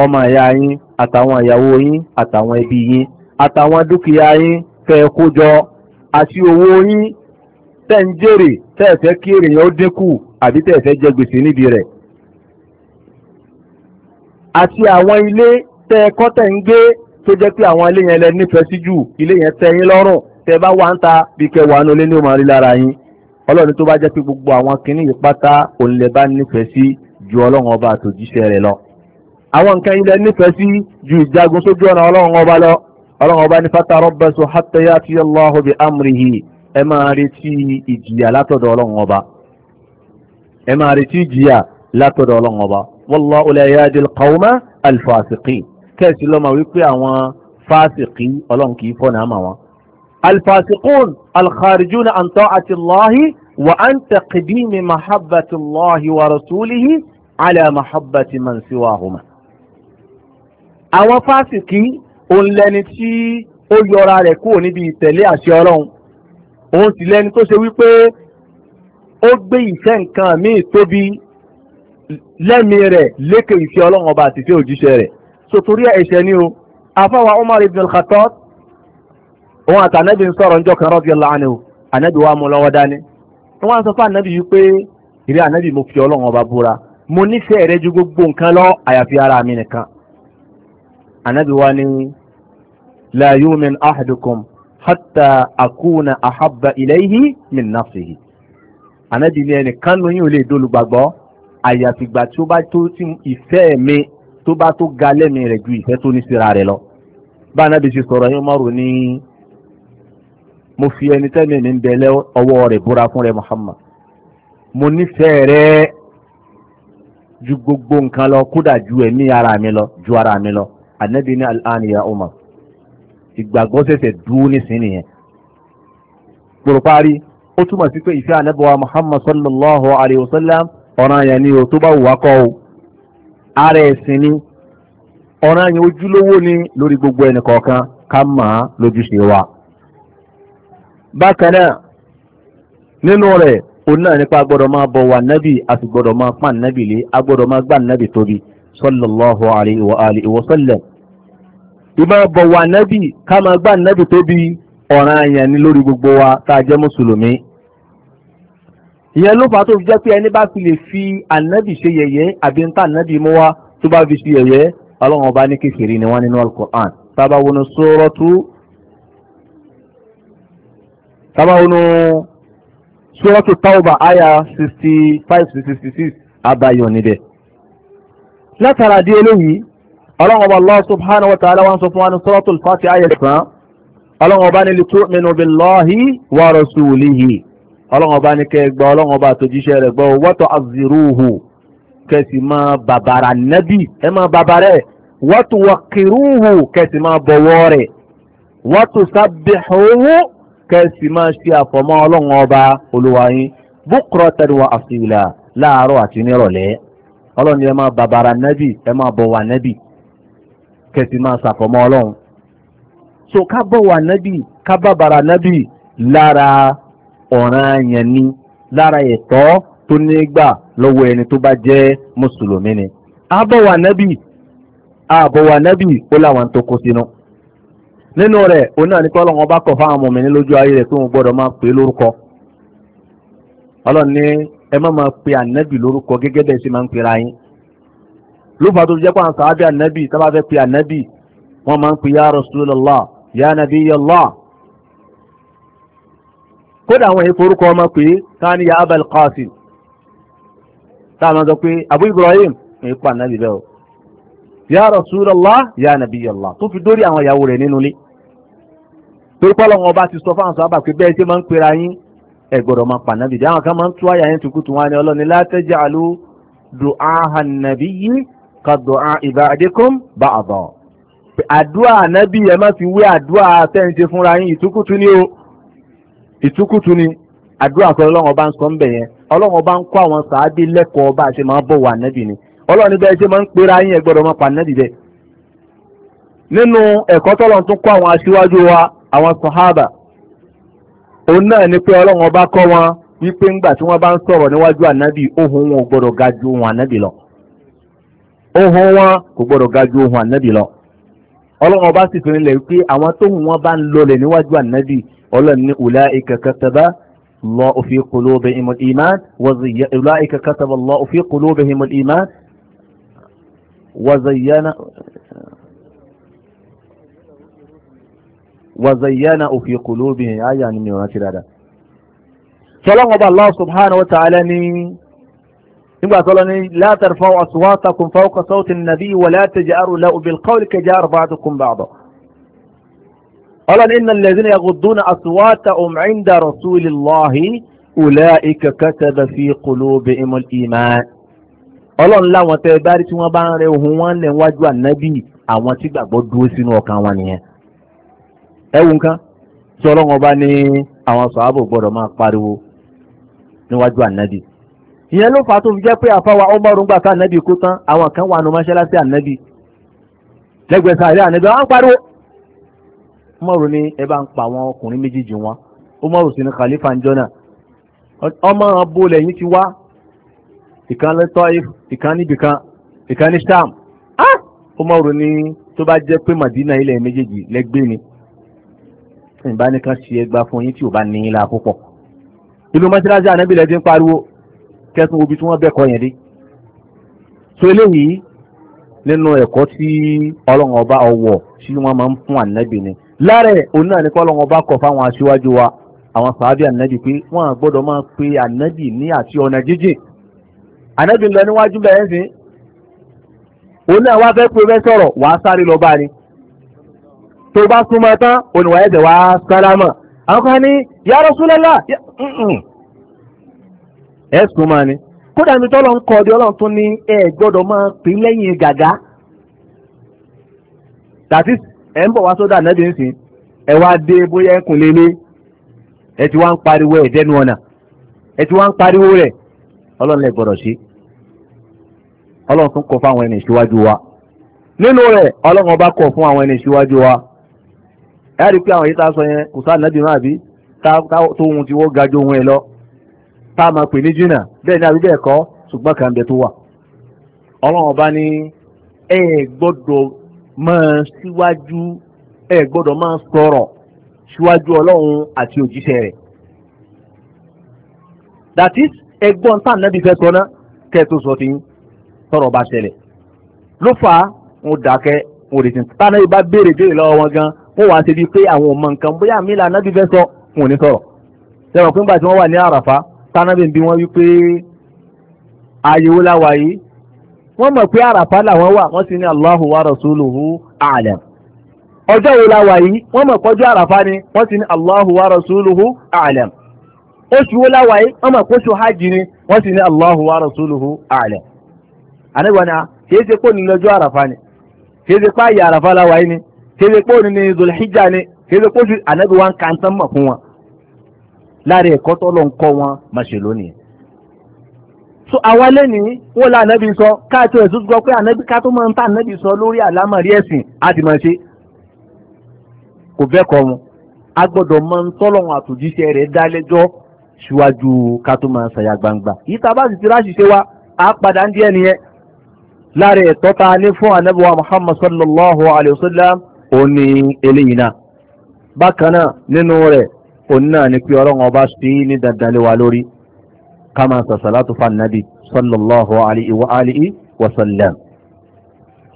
ọmọ ìyá yín àtàwọn ìyàwó yín àtàwọn ẹbí yín àtàwọn dúkìá yín fẹ́ kó jọ àti owó yín tẹ̀ ń jèrè tẹ́ẹ̀fẹ́ kí èrè yẹn ó dínkù àbí tẹ́ẹ̀fẹ́ jẹ gbèsè nídìí rẹ̀ àti àwọn ilé tẹ́ ẹ kọ́ tẹ́ ń gbé tó jẹ́ pé àwọn ilé yẹn lẹ nífẹ̀ẹ́ sí jù ilé yẹn tẹ́ yín lọ́rùn tẹ́ bá wà ń ta bí kẹwàá ní ó máa rí lára yín ọlọ́run tó bá jẹ́ pé gbogbo àwọn kinní yìí pátá òun lè bá nífẹ̀ẹ́ sí ju ọlọ́run ọba àtòjíṣẹ́ rẹ̀ lọ àwọn nǹkan ilẹ̀ nífẹ̀ẹ́ sí ju ìjagun sójú ọ̀nà ọlọ́run ọba lọ ọlọ́run ọba ní fata rọ́bẹ̀sọ hàtẹ́yà tí yẹ ẹ máa retí ìjìyà látọ̀dọ̀ ọlọ́run ọba ẹ máa retí ìjìyà látọ̀dọ̀ ọlọ́run ọba wallahu la yahdi al-qawma al-fasiqin kẹ́ẹ̀sì lọ́mọ wípé àwọn fásikì ọlọ́run kì í fọ́nà àmà wọn. al-fasiqun al-kharijuna an ta'ati Allahi wa an taqdimi mahabbati Allahi wa rasulihi ala mahabbati man siwahuma. àwọn fásikì òun lẹni tí ó yọra rẹ̀ kúrò níbi ìtẹ̀lé àṣẹ ọlọ́run òun sì lẹni tó ṣe wípé ó gbé ìfẹ́ nǹkan míì tóbi lẹ́mìí rẹ̀ lékè ìfẹ́ ọlọ́run ọba àti ìfẹ́ òjíṣẹ́ rẹ̀ sotori ẹ̀ṣẹ̀ ni o afáwa Umar ibn al-Khattab òun àti anabi ń sọ̀rọ̀ njọ́ kan radiyallahu anhu anabi wa mú lọ́wọ́ dání wọ́n á sọ fún anabi yìí pé ìrẹ́ anabi mo fi ọlọ́run ọba búra mo nífẹ̀ẹ́ rẹ ju gbogbo nǹkan lọ àyàfi ara mi nìkan anabi wa ni la yu'min ahadukum hatta akuna ahabba ilayhi min nafsihi anabi ni ẹnìkan nu yín ò lè dolùgbàgbọ́ àyàfìgbà tí ó bá tó ti ìfẹ́ mi tó bá tó ga lẹ́mìí rẹ̀ ju ìfẹ́ tó ní síra rẹ̀ lọ bá anabi ṣe sọ̀rọ̀ yín mọ́rùn ní mo fi ẹni tẹ́mi mi ń bẹ lẹ́ ọwọ́ rẹ̀ búra fún rẹ̀ Muhammad mo nífẹ̀ẹ́ rẹ̀ ju gbogbo nǹkan lọ kódà ju ẹ̀mí ara mi lọ ju ara mi lọ anabi ní al'aniya umar ìgbàgbọ́ ṣẹ̀ṣẹ̀ dúró nísìnyí nìyẹn. pòròpárí ó túmọ̀ sí pé ìfẹ́ ànábọ̀wá muhammad sallallahu alayhi wa sallam ọ̀ràn yẹn ni o tó bá wù wá kọ́ o ara ẹ̀sìn ni ọ̀ràn yẹn ojúlówó ni lórí gbogbo ẹnì kọ̀ọ̀kan ká mà á lójúṣe wa. bákan náà nínú rẹ̀ òun náà nípa gbọ́dọ̀ máa bọ̀ wà nábì àti gbọ́dọ̀ máa pàn lé agbọ́dọ̀ máa gbà nábì tóbi sallallahu alayhi wa sallam ìmọ̀ bọ̀wọ̀ ànábì ká máa gbá ànábì tó bí ọ̀ràn àyàn ni lórí gbogbo wa tá a jẹ́ mùsùlùmí. ìyẹn ló fà á tó fi jẹ́ pé ẹni bá fi lè fi ànábì ṣe yẹ̀yẹ́ àbí ń tà ànábì mú wa tó bá fi ṣe yẹ̀yẹ́ ọlọ́run ọba ní kékeré ni wọ́n nínú alukur'an tábà wọnú sórọ́tù tábà wọnú sórọ́tù àyà sixty five to sixty six abayọ̀ níbẹ̀. látara di eléyìí ọlọ́run Allah subhanahu wa ta'ala wọn sọ fún wa ní suratul Fatiha ayé kan ọlọ́run ọba ní litu'minu billahi wa rasulihi ọlọ́run ọba ní kẹ́ gbọ́ ọlọ́run ọba àtòjíṣẹ́ rẹ̀ gbọ́ wa tu'azziruhu kẹ́sì máa bàbàrà nẹ́bì ẹ máa bàbàrà ẹ̀ wa tuwaqqiruhu kẹ́sì máa bọ̀wọ́ rẹ̀ wa tusabbihuhu kẹ́sì máa ṣe àfọ̀mọ́ ọlọ́run ọba olúwa yín kẹfì máa ṣàfọ̀mọ́ ọlọ́run so ká bọ̀wọ̀ ànábì ká bàbàrà ànábì lára ọ̀ràn yẹn ni lára ẹ̀tọ́ tó nígbà lọ́wọ́ ẹni tó bá jẹ́ mùsùlùmí ni abọ̀wọ̀ ànábì àbọ̀wọ̀ ànábì ó láwọn tó kó sínú nínú rẹ̀ oní ọlọ́run ọba kọ̀ fáwọn ọmọ mi ní lójú ayé rẹ̀ pé gbọ́dọ̀ máa pè é pe ànábì ló fà tó fi jẹ́ pé àwọn sàábì ànábì tá ma n wọ́n máa ń pe ya Rasulullah ya Nabiyallah kódà àwọn èyí forúkọ ọmọ pé ta ni ya Abal Qasim táà máa sọ pé Abu Ibrahim ń bẹ́ẹ̀ o ya Rasulullah ya Nabiyallah tó fi dórí àwọn ìyàwó rẹ̀ nínú ilé torí pé Ọlọ́run ọba ti sọ fáwọn sàábà pé bẹ́ẹ̀ ṣe máa ń pera yín máa pa dé àwọn kan máa ń tú àyà yẹn tukutu wọn ni ọlọ́ni dùn áhà kadu'a ibadikum ba'da àdúà ànábì ẹ má fi wé àdúà àtẹnjẹ fúnra yín ìtúkùtù ni o ìtúkùtù ni àdúà àkọlẹ Ọlọ́run ọba ń sọ ń bẹ yẹn Ọlọ́run ọba ń kọ́ àwọn sàábì lẹ́kọ̀ọ́ bá a ṣe máa bọ̀wọ̀ ànábì ni Ọlọ́run níbẹ̀ ṣe máa ń pera yín ẹ gbọ́dọ̀ máa pa ànábì bẹ́ẹ̀. nínú ẹ̀kọ́ tọ́lọ̀ tún kọ́ àwọn aṣíwájú wa àwọn sàhábà òun náà ni pé Ọlọ́run ọba kọ́ wọn wípé ńgbà tí wọ́n bá ń sọ̀rọ̀ níwájú ànábì ohùn wọn ò gbọ́dọ̀ ga ju ohùn ànábì lọ ohun wọn kò gbọdọ̀ ga ju ohun ànábì lọ ọlọ́run ọba sì lẹ̀ wípé àwọn tó wọn bá ń lọlẹ̀ níwájú ànábì ọlọ́run ní ulaika kataba Allahu fi qulubihimul iman ulaika kataba Allahu fi qulubihimul iman وزينا وزينا في قلوبهم آية من يوناتي فلما wa ta'ala ni. nígbà tó lọ ní la tarfa'u aswatakum fawqa sawti an-nabi wa la taj'aru lahu bil-qawli kaja'ri ba'dikum ba'da. ọlọ́ni innal ladhina yaghudduna aswatahum 'inda rasulillahi ulaika kataba fi qulubihimul iman. ọlọ́run láwọn tẹ́ bá tí wọ́n bá ń rẹ ohun wọn lẹ̀ wájú ànábì àwọn tí gbàgbọ́ dúró sínú ọkàn wọn nìyẹn. ẹ wù nǹkan tí ọlọ́run ìyẹn ló fà á tó fi jẹ́ pé àfáwà ọmọrùn gbà ká ànábì kó tán àwọn kan wà nù mọ́ṣáláṣí ànábì lẹ́gbẹ̀ẹ́ sàárẹ̀ ànábì wọn pariwo ọmọrùn ni ẹ bá ń pa àwọn ọkùnrin méjèèjì wọn ọmọrùn sì ni khalifa ń jọ́nà ọmọ ọbọ lẹ́yìn ti wá ìkan lẹ́tọ́ ìkan níbìkan ìkan ní sam ọmọrùn ah! ni tó bá jẹ́ pé Madina ilẹ̀ méjèèjì lẹ́gbẹ́ ni ìbánikan ṣe ẹgbà fún yín tí ò bá ní ilà púpọ̀ ìlú kẹ́tún obi tí wọ́n bẹ́kọ̀ yẹn dé so eléyìí nínú ẹ̀kọ́ tí ọlọ́run ọba ọwọ́ tí wọ́n máa ń fún ànábì ni lára ẹ̀ òun náà ní kọ́ ọlọ́run ọba kọ̀ fáwọn aṣíwájú wa àwọn sàábì ànábì pé wọ́n á gbọ́dọ̀ máa pe ànábì ní àti ọ̀nà jíjìn ànábì ń lọ níwájú bẹ́ẹ̀ sí òun náà wá fẹ́ pé fẹ́ sọ̀rọ̀ wàá sáré lọ bá ni tó bá súnmọ́ tán òun wàá ẹ̀jẹ̀ wàá sálámà àwọn kan ní ya Rasulullah ẹ̀sùn máa ni kódà mi tọ́lọ́ ń kọ́ ọdí ọlọ́run tún ní ẹ gbọ́dọ̀ máa pè lẹ́yìn gàgá tàbí ẹ̀ ń bọ̀ wá sódà ẹ wá dé bóyá ẹ kùn lélẹ̀ ẹ ti wá ń pariwo ẹ̀ dẹnu ọ̀nà ẹ ń pariwo rẹ ọlọ́run lè gbọ́dọ̀ sí ọlọ́run tún kọ́ àwọn ẹni ìṣíwájú wa nínú ọlọ́run ọba kọ̀ fún àwọn ẹni ìṣíwájú wa ẹ rí a sọ yẹn tá a máa pè ní jìnnà bẹ́ẹ̀ ni àbí bẹ́ẹ̀ kọ́ ṣùgbọ́n kan bẹ tó wà. ọlọ́run ọba ní ẹ gbọ́dọ̀ máa síwájú ẹ gbọ́dọ̀ máa sọ̀rọ̀ síwájú ọlọ́run àti òjíṣẹ́ rẹ̀. that is ẹgbọ́n tá ànábì fẹ́ sọ náà kẹ́ ẹ tó sọ ti ń sọ̀rọ̀ bá ṣẹlẹ̀ ló fà á ń dákẹ́ wọn ò lè sìn tánà yìí bá béèrè béèrè lọ́wọ́ wọn gan wọn wàá ṣe bíi pé àwọn ọmọ nǹkan bóyá mi là ànábì fẹ́ sọ wọn ò ní sọ̀rọ̀ sẹ́wọ̀n pé ńgbà tí wọ́n wà ní àràfá tánàbì bí wọ́n wípé àyèwò láwa yìí wọ́n mọ̀ pé àràfá làwọn wà wọ́n sì ní Allahu wa rasuluhu a'lam ọjọ́ wo láwa yìí wọ́n mọ̀ pọ́jọ́ àràfá ni wọ́n sì ní Allahu wa rasuluhu a'lam oṣù wo láwa yìí wọ́n mọ̀ pọ́ṣù hajj ni wọ́n sì ní Allahu wa rasuluhu a'lam àníwọ̀n náà kìí ṣe pé òní lọ́jọ́ àràfá ni kìí ṣe pé àyè àràfá láwa ni kìí ṣe pé òní ni zulhijja ni kìí ṣe pé oṣù ànábì wa ń mọ̀ fún wọn lára ẹ̀kọ́ tọ́lọ̀ wọn máa ṣe lónìí. so àwa lẹ́ni wọ́n la ànábì sọ káàtó ẹ̀sùn gbọ́ pé ànábì ká tó máa ń tà ànábì sọ lórí àlámọ̀rí ẹ̀sìn á a gbọ́dọ̀ máa ń tọ́lọ̀hún àtòjíṣẹ́ rẹ̀ dá síwájú ká tó máa gbangba yìí tá a bá sì wa a padà ń díẹ̀ lára ẹ̀tọ́ ta fún ànábì wa Muhammad sallallahu alayhi wa òun náà ni pé ọlọ́run ọba sí ní dandalẹ́ wa lórí ká máa sàṣàlátù fànàbì sallallahu alayhi wa alihi wa sallam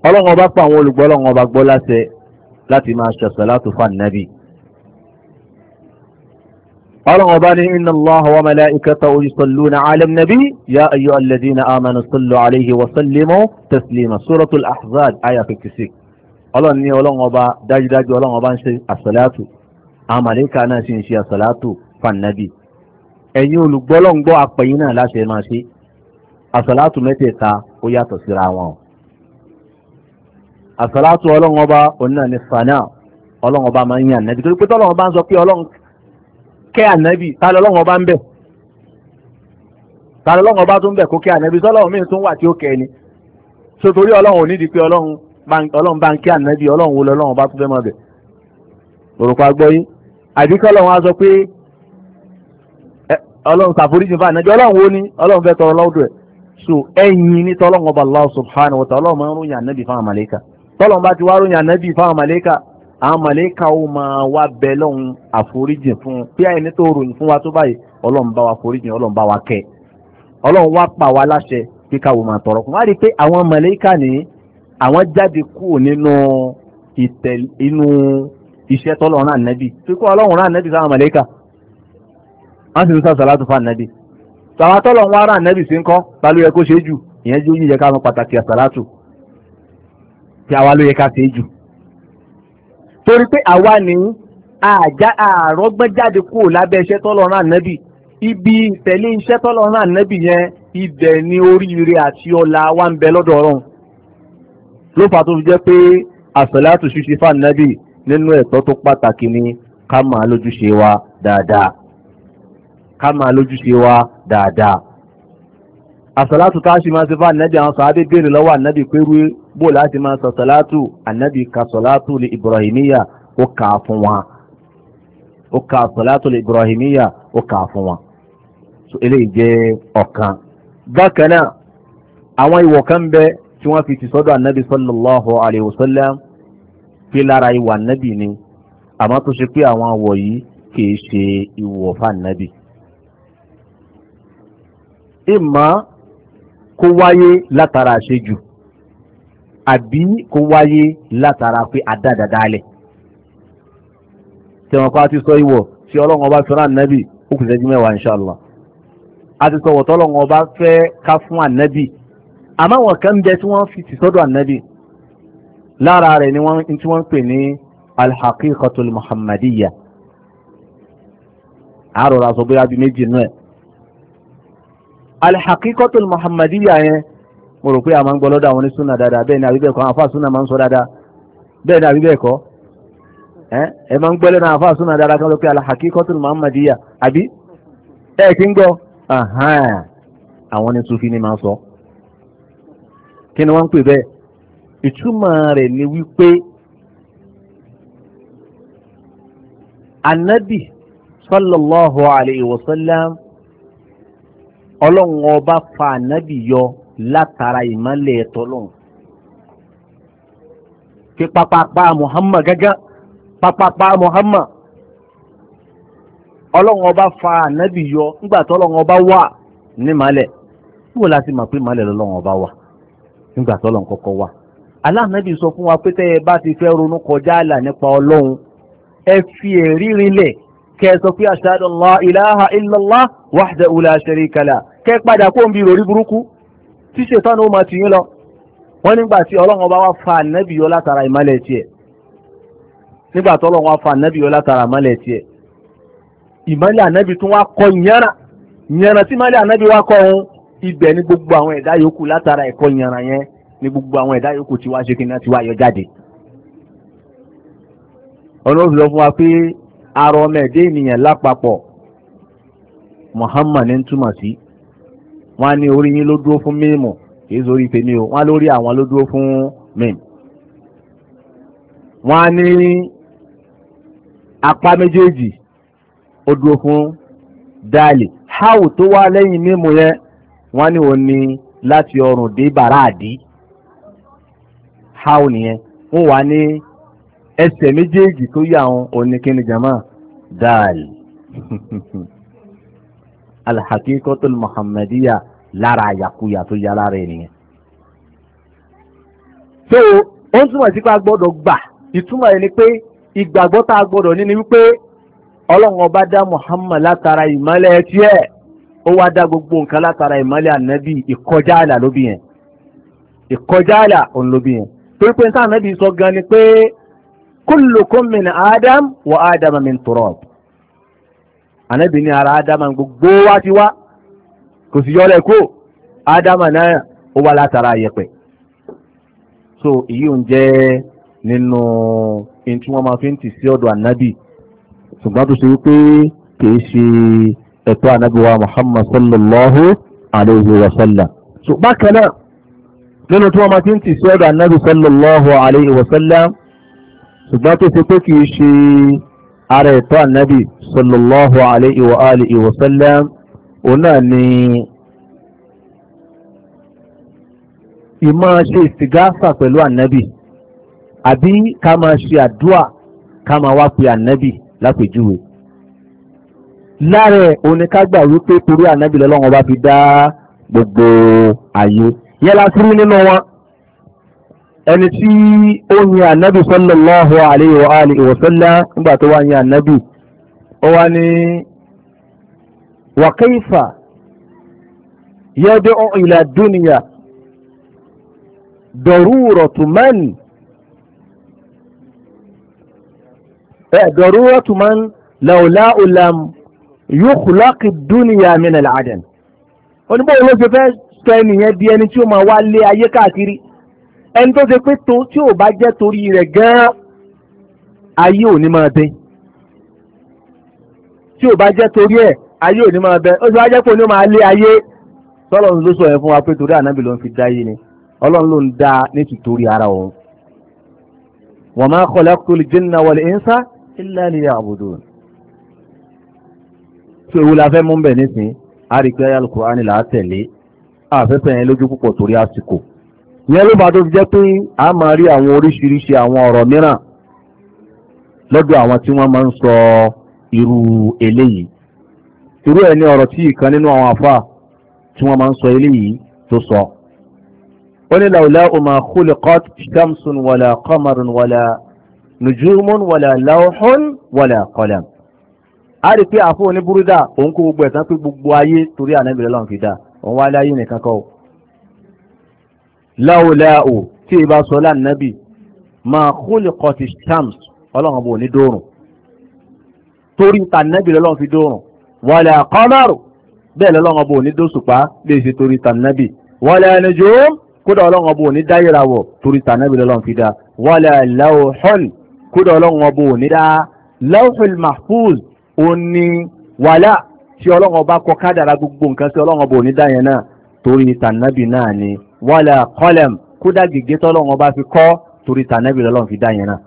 ọlọ́run ọba pa àwọn olùgbọ́ ọlọ́run ọba gbọ́ láṣẹ láti máa sàṣàlátù fànàbì ọlọ́run ọba ní inna allaha wa malaikatahu yusalluna ala nabi ya ayyuha alladhina amanu sallu alayhi wa sallimu taslima suratul ahzab ayat 56 ọlọ́run ní ọlọ́run ọba dájúdájú ọlọ́run ọba ń ṣe àṣàlátù àwọn màlẹ́kà náà sì ń ṣe àsàlátù fànàbì ẹ̀yin olùgbọ́lọ́ngbọ́ apẹ̀yìn náà láṣẹ máa ṣe àsàlátù mẹ́tẹ̀ẹ̀ta ó yàtọ̀ síra wọn o àsàlátù ọlọ́run ọba òun náà ní fànà ọlọ́run ọba máa ń yan ànábì torí pé tọ́lọ́run ọba ń sọ pé ọlọ́run kẹ́ ànábì ta lọ́lọ́run ọba ń bẹ̀ ta lọ́lọ́run ọba tún bẹ̀ kó kẹ́ ànábì tọ́lọ́run míì tún wà tí ó kẹ́ ni sotori ọlọ́run ò di pé ọlọ́run bá ń kẹ́ ànábì ọlọ́run wo lọ́lọ́run ọba tún fẹ́ máa bẹ̀ òrùka gbọ́ àbí kí ọlọ́run á sọ pé ọlọ́run ṣàforíjì fún ànájọ́ ọlọ́run wo ni ọlọ́run fẹ́ tọrọ lọ́dọ̀ ẹ̀ so ẹ̀yìn ní tọ́lọ́run ọba Allah subhanahu wa ta'ala ọlọ́run máa ń ròyìn ànábì fáwọn màlẹ́kà tọ́lọ́run bá ti wá ròyìn ànábì fáwọn màlẹ́kà àwọn màlẹ́kà ó máa wá bẹ lọ́run àforíjì fún pé àìní tó ròyìn fún wa tó báyìí ọlọ́run bá wa foríjì ọlọ́run bá wa kẹ́ ọlọ́run wá pa wa láṣẹ pé káwọn máa tọrọ fún wa rí i pé àwọn màlẹ́kà ní àwọn jáde kúrò nínú ìtẹ̀ inú iṣẹ́ tọ́lọ̀ rán ànábì tí kó ọlọ́run rán ànábì sáwọn mọ̀lẹ́kà wọ́n sì ń sàṣà látò fún ànábì sàwọn tọ́lọ̀ wọn rán ànábì sí ń kọ́ ta ló yẹ kó ṣe jù ìyẹn jẹ́ oúnjẹ ká mọ pàtàkì àsàlátù tí àwa ló yẹ ká ṣe jù torí pé àwa ní àjá àrọ́gbọ́n jáde kúrò lábẹ́ iṣẹ́ tọ́lọ̀ rán ànábì ibi ìtẹ̀lé iṣẹ́ tọ́lọ̀ rán ànábì yẹn ibẹ̀ ni oríire àti ọlá wa ń bẹ lọ́dọ̀ ọ̀run ló fà tó fi jẹ́ pé àsàlátù ṣíṣe fún ànábì nínú ẹ̀tọ́ tó pàtàkì ni ká máa lójúṣe wa dáadáa ká máa lójúṣe wa dáadáa àsàlátù tá máa ṣe fún ànábì àwọn sàábé béèrè lọ́wọ́ ànábì pérú bó láti máa sọ ka sàlátù lè ibrahimiya ó kà á fún wa ó kà so eléyìí jẹ́ ọ̀kan bákan náà àwọn kan bẹ tí wọ́n fi ti sọ́dọ̀ ànábì sallallahu alayhi wa pé lára ìwà nábì ni àmọ́ tó ṣe pé àwọn àwọ̀ yìí kìí ṣe ìwọ̀ fànábì. ìmọ̀ kó wáyé látara àṣejù àbí kó wáyé látara pé àdádàdálẹ̀ tí wọn kọ́ àti sọ ìwọ̀ tí ọlọ́run ọba fẹ́ràn ànábì ó kù sẹ́jú mẹ́wàá inṣàlá àti sọ wọ̀tọ́ ọlọ́run ọba fẹ́ ká fún ànábì àmọ́ àwọn kan bẹ tí wọ́n fi tìsọ́dọ̀ ànábì lára rẹ̀ ni wọ́n tí wọ́n ń pè ní alhaqiqatul muhammadiyya àròrà sọ bóyá bí méjì nú muhammadiyya yẹn mo rò a máa ń gbọ́ lọ́dọ̀ àwọn onísúnà dáadáa bẹ́ẹ̀ ni àbí bẹ́ẹ̀ kọ́ àwọn afáàsúnà máa ń sọ dáadáa bẹ́ẹ̀ ni àbí bẹ́ẹ̀ kọ́ ẹ máa ń gbọ́ lẹ́nu àwọn dáadáa kan ló pé alhaqiqatul muhammadiyya àbí ẹ kí ń gbọ́ àwọn sọ kí ni wọ́n ń ìtumọ̀ rẹ̀ ni wípé anabi sallallahu alayhi wa sallam ọlọ́run ọba fa anabi yọ látara ìmọ̀lẹ̀ tọ́lọ́run pé pápápá muhammad gángan pápápá muhammad ọlọ́run ọba fa anabi yọ nígbà tó ọlọ́run ọba wà ní malẹ̀ wọ́n láti mọ̀ pé malẹ̀ lọ́lọ́run ọba wà nígbà tó ọlọ́run kọ́kọ́ wà. aláàmẹ́bí sọ fún wa pé tẹ́ ẹ bá ti fẹ́ ronú kọjá àlà nípa ọlọ́run ẹ fi ẹ̀rí rinlẹ̀ kẹ sọ pé ashhadu an la ilaha illallah wahdahu la sharika lah kẹ padà kó ń bi ròrí burúkú tí ṣètọ́nù ó máa tì yín lọ wọ́n nígbà tí ọlọ́run ọba wa fa ànábì yọ látara ìmọ̀lẹ̀ tiẹ̀ nígbà tí ọlọ́run wa fa ànábì yọ látara ìmọ̀lẹ̀ tiẹ̀ ìmọ̀lẹ̀ ànábì tún wá kọ yànrà yànrà tí ìmọ̀lẹ̀ ànábì wá kọ òun ibẹ̀ ni gbogbo àwọn ẹ̀dá yòókù látara ẹ̀kọ́ yànrà yẹn ni gbogbo àwọn ẹ̀dá yòókù tí wá ṣe kí ni wọ́n ti wá jáde. ọlọ́run fi fún wa pé ara ọmọ ẹ̀dẹ́ ènìyàn lápapọ̀ Muhammad ń túmọ̀ sí wọ́n á ní orí yín ló dúró fún mímu kì í sórí tèmi o wọ́n á lórí àwọn ló dúró fún mímu. wọ́n á ní apá méjèèjì ó dúró fún dáàlì háwù tó wá lẹ́yìn mímu yẹn wọ́n á ní òun ní láti ọrùn dé bàrá àdí. how nìyẹn wọ́n wà ní ẹsẹ̀ méjèèjì tó yà wọn oníkíni jama dal alhakikotul muhammadiya lára àyàkuyà tó yà lára ènìyàn. so ó ń túmọ̀ sí pé a gbọ́dọ̀ gbà ìtumọ̀ ẹni pé ìgbàgbọ́ tá a gbọ́dọ̀ ní ni wípé ọlọ́run ọba dá muhammad látara ìmọ́lẹ̀ tiẹ̀ ó wá dá gbogbo nǹkan látara ìmọ́lẹ̀ ànábì ìkọjá àlà lóbi yẹn ìkọjá àlà òun lóbi yẹn. torí pé sáà nàbì sọ gan ni pé kullukum min adam wa adam min turab ànábì ní ara adam gbogbo wa ti wá kò sì yọlẹ̀ kó adam náà ó wá látara yẹ̀pẹ̀ so èyí ò ń jẹ́ nínú ẹni tí wọ́n máa fi ń tì sí ọ̀dọ̀ ànábì ṣùgbọ́n tó ṣe wípé kìí ṣe ẹ̀tọ́ ànábì wa muhammad sallallahu alayhi wa sallam so bákan náà nínú tí wọ́n máa ti ń tì sí ọ̀dọ̀ anábì sallallahu alayhi wa sallam ṣùgbọ́n tó ṣe pé kì í ṣe ara ẹ̀tọ́ anábì sallallahu alayhi wa alihi wa sallam òun náà ni ìmáa ṣe ìsìgáàsà pẹ̀lú ànábì àbí ká máa ṣe àdúà ká máa wá pe ànábì lápèjúwe. lára ẹ̀ òun ni ká gbà wípé torí ànábì lọ́lọ́run ọba fi dá gbogbo ayé yẹn la sírí nínú wọn ẹni tí ó yin ànábì sallallahu alayhi wa alihi wa sallam nígbà tó wá yin ànábì ó wá ní wa kayfa yad'u ila dunya daruratu man eh, daruratu man lawla'u lam yukhlaq ad-dunya min al-'adam onígbà wo ló ṣe fẹ́ sọ ẹnìyẹn di ẹni tí ó máa wá lé ayé káàkiri ẹni tó ṣe pé tó tí ò bá jẹ́ torí rẹ̀ gan-an ayé ò ní máa bẹ tí ò bá jẹ́ torí ẹ̀ ayé ò ní máa bẹ ó sì wá jẹ́ pé oní máa lé ayé tọ́lọ́run ló sọ ẹ̀ fún wa pé torí ànábì ló ń fi dá yé ni ọlọ́run ló ń dá ní tìtorí ara òun wa ma khalaqtul jinna wal insa illa liya'budun tí ewu la fẹ́ mú bẹ̀ nísìn á rí pé là á tẹ̀lé àfẹ́fẹ́ yẹn lójú púpọ̀ torí àsìkò ìyẹn ló bá tó fi jẹ́ pé a máa rí àwọn oríṣiríṣi àwọn ọ̀rọ̀ mìíràn lọ́dọ̀ àwọn tí wọ́n máa ń sọ irú eléyìí irú ẹ̀ ọ̀rọ̀ tí ìkan nínú àwọn àfà tí wọ́n máa ń sọ eléyìí tó sọ ó ní làwùlá ọmọ khuliqat shamsun wàlà qamarun wàlà nujumun wàlà lawhun wàlà qalam a rí pé àfọ oníbúrúdà òun kó gbogbo ẹ̀sán pé gbogbo ayé torí ànábìrẹ́lọ́n fi dáa òun wá láyé nìkan kọ́ o láòláò tí ìbá sọ lánàbì máa kúlì kọtì shams ọlọ́run bò ní dòrùn torí tànàbì lọ́lọ́run fi dòrùn wàlẹ̀ àkọ́mọ́rù bẹ́ẹ̀ lọ́lọ́run bò ní dòṣùpá lè ṣe torí tànàbì wàlẹ̀ nujum kódà ọlọ́run bò ní dáyìràwọ̀ torí tànàbì lọ́lọ́run fi dá wàlẹ̀ lawhul kódà ọlọ́run bò ní dá lawhul mahfuz ó ní wàlẹ̀ tí ọlọ́run ọba kọ kádàrá gbogbo nǹkan tí ọlọ́run ọba ò ní náà torí tànàbì náà ni wala qalam kódà gègé tọ́lọ́run ọba fi kọ́ torí tànàbì lọ́lọ́run fi dá náà.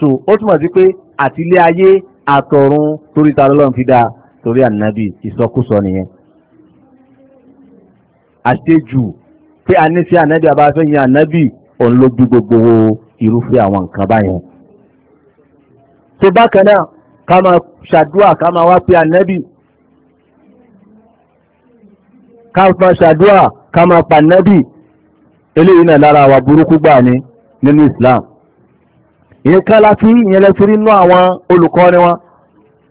so ó túmọ̀ sí pé àtìlé ayé àtọ̀run torí ta lọ́lọ́run fi dá torí ànàbì ìsọkúsọ nìyẹn. àṣejù pé a ní sí ànàbì abáfẹ́ yẹn ànàbì òun ló ju gbogbo irúfẹ́ àwọn nǹkan báyẹn. so bákan náà ká máa ṣàdúrà ká máa wá pé ànàbì ká máa ṣàdúà ká máa pànẹ́bì eléyìí náà lára àwa burúkú gbà ní nínú Islam ìyẹn kálá tí ìyẹn lẹ́sí nínú àwọn olùkọ́ni wọn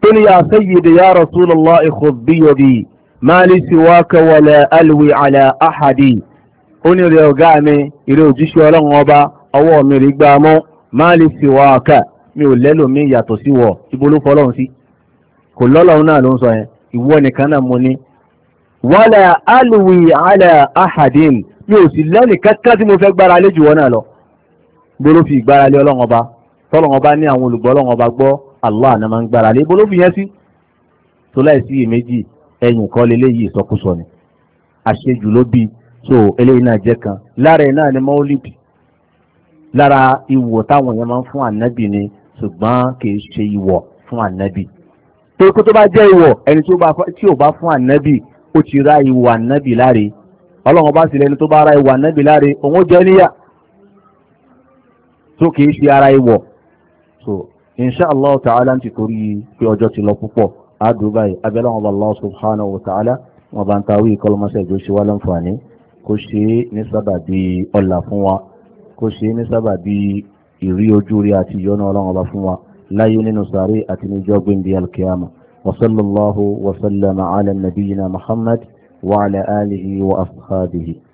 tó ní ya sayyidi ya Rasulullah ìkòbíyọ̀bì máa lè sì wá kẹwàlẹ̀ alwi ala ahadi ó ní rẹ̀ ọ̀gá mi ìrẹ̀ òjíṣẹ́ ọlọ́run ọba ọwọ́ mi rí gbá mọ́ máa lè sì wá kẹ mi ò lẹ́lò mi yàtọ̀ sí wọ̀ ibo sí kò lọ́lọ́run náà ló ń sọ yẹn ìwọ nìkan náà mo ní wàlà alùwì àlà ahadin mi ò sì lẹ́nì kankan tí mo fẹ́ gbára lé jù wọ́n náà lọ bóló fi ìgbára lé ọlọ́run ọba tọ́lọ́run ọba ní àwọn olùgbọ́ ọlọ́run ọba gbọ́ Allah àná máa ń gbára lé bóló fi yẹn sí tó láìsí iyèméjì ẹ̀yìn kọ́ leléyìí ìsọkúsọ ni àṣejù ló bí so eléyìí náà jẹ́ kan lára ẹ̀ náà ni mọ́ọ́lìdì lára ìwọ̀ táwọn èèyàn máa ń fún ànábì ni ṣùgbọ́n kì í ṣe ìwọ̀ fún ànábì tó kó tó bá jẹ́ ìwọ̀ ẹni tí ò bá fún ànábì ó ti ra ìwà nábì láre ọlọ́run bá sì lẹ́ni tó bá ra ìwà nábì láre òun jẹ́ níyà tó kìí ṣe ara ìwọ̀ so inṣàlá ta'ala ti torí pé ọjọ́ ti lọ púpọ̀ àdúgbà yìí abẹ́lẹ́ wọn bá Allah subhanahu wa ta'ala wọn bá ń tawí ìkọlọmọṣẹ́ ìjọ ṣe wá láǹfààní kó ṣe é ní sábàbí ọlà fún wa kó ṣe é ní sábàbí ìrí ojú rí àti ìyọ́nú ọlọ́run ọba fún wa láyé nínú sàárè àti níjọ́ gbéǹdé alkiyama وصلى الله وسلم على نبينا محمد وعلى آله وأصحابه